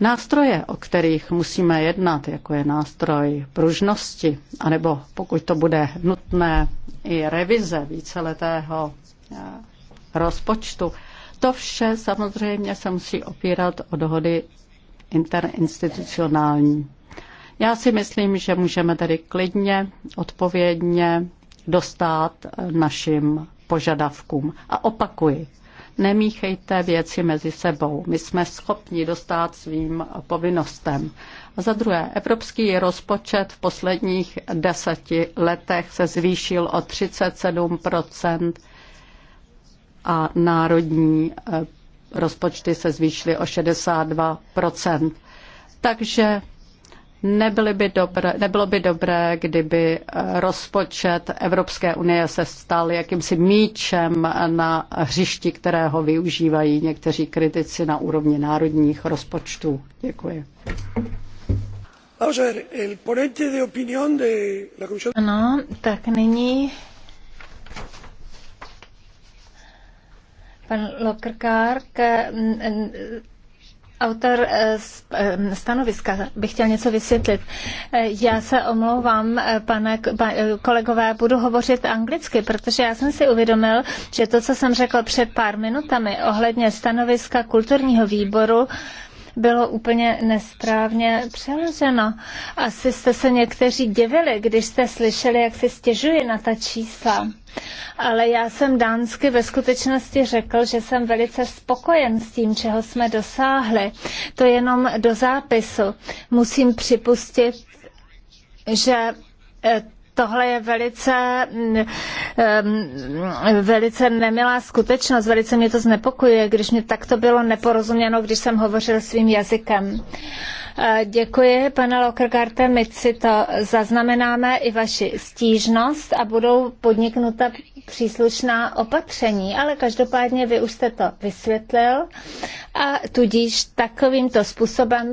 Nástroje, o kterých musíme jednat, jako je nástroj pružnosti, anebo pokud to bude nutné i revize víceletého eh, rozpočtu, to vše samozřejmě se musí opírat o dohody interinstitucionální. Já si myslím, že můžeme tedy klidně, odpovědně dostat našim požadavkům. A opakuji, Nemíchejte věci mezi sebou. My jsme schopni dostat svým povinnostem. A za druhé, evropský rozpočet v posledních deseti letech se zvýšil o 37 a národní eh, rozpočty se zvýšily o 62 Takže Nebyly by dobré, nebylo by dobré, kdyby eh, rozpočet Evropské unie se stal jakýmsi míčem na hřišti, kterého využívají někteří kritici na úrovni národních rozpočtů. Děkuji. Ano, tak nyní pan Lokrkárk eh, Autor eh, eh, stanoviska bych chtěl něco vysvětlit. Eh, já se omlouvám, pane kolegové, budu hovořit anglicky, protože já jsem si uvědomil, že to, co jsem řekl před pár minutami ohledně stanoviska kulturního výboru, bylo úplně nesprávně přeloženo. Asi jste se někteří divili, když jste slyšeli, jak se stěžuje na ta čísla. Ale já jsem dánsky ve skutečnosti řekl, že jsem velice spokojen s tím, čeho jsme dosáhli. To jenom do zápisu. Musím připustit, že eh, tohle je velice, mm, velice nemilá skutečnost, velice mě to znepokojuje, když mě takto bylo neporozuměno, když jsem hovořil svým jazykem. Eh, děkuji, pane Lokrgarte, my si to zaznamenáme i vaši stížnost a budou podniknuta příslušná opatření, ale každopádně vy už jste to vysvětlil a tudíž takovýmto způsobem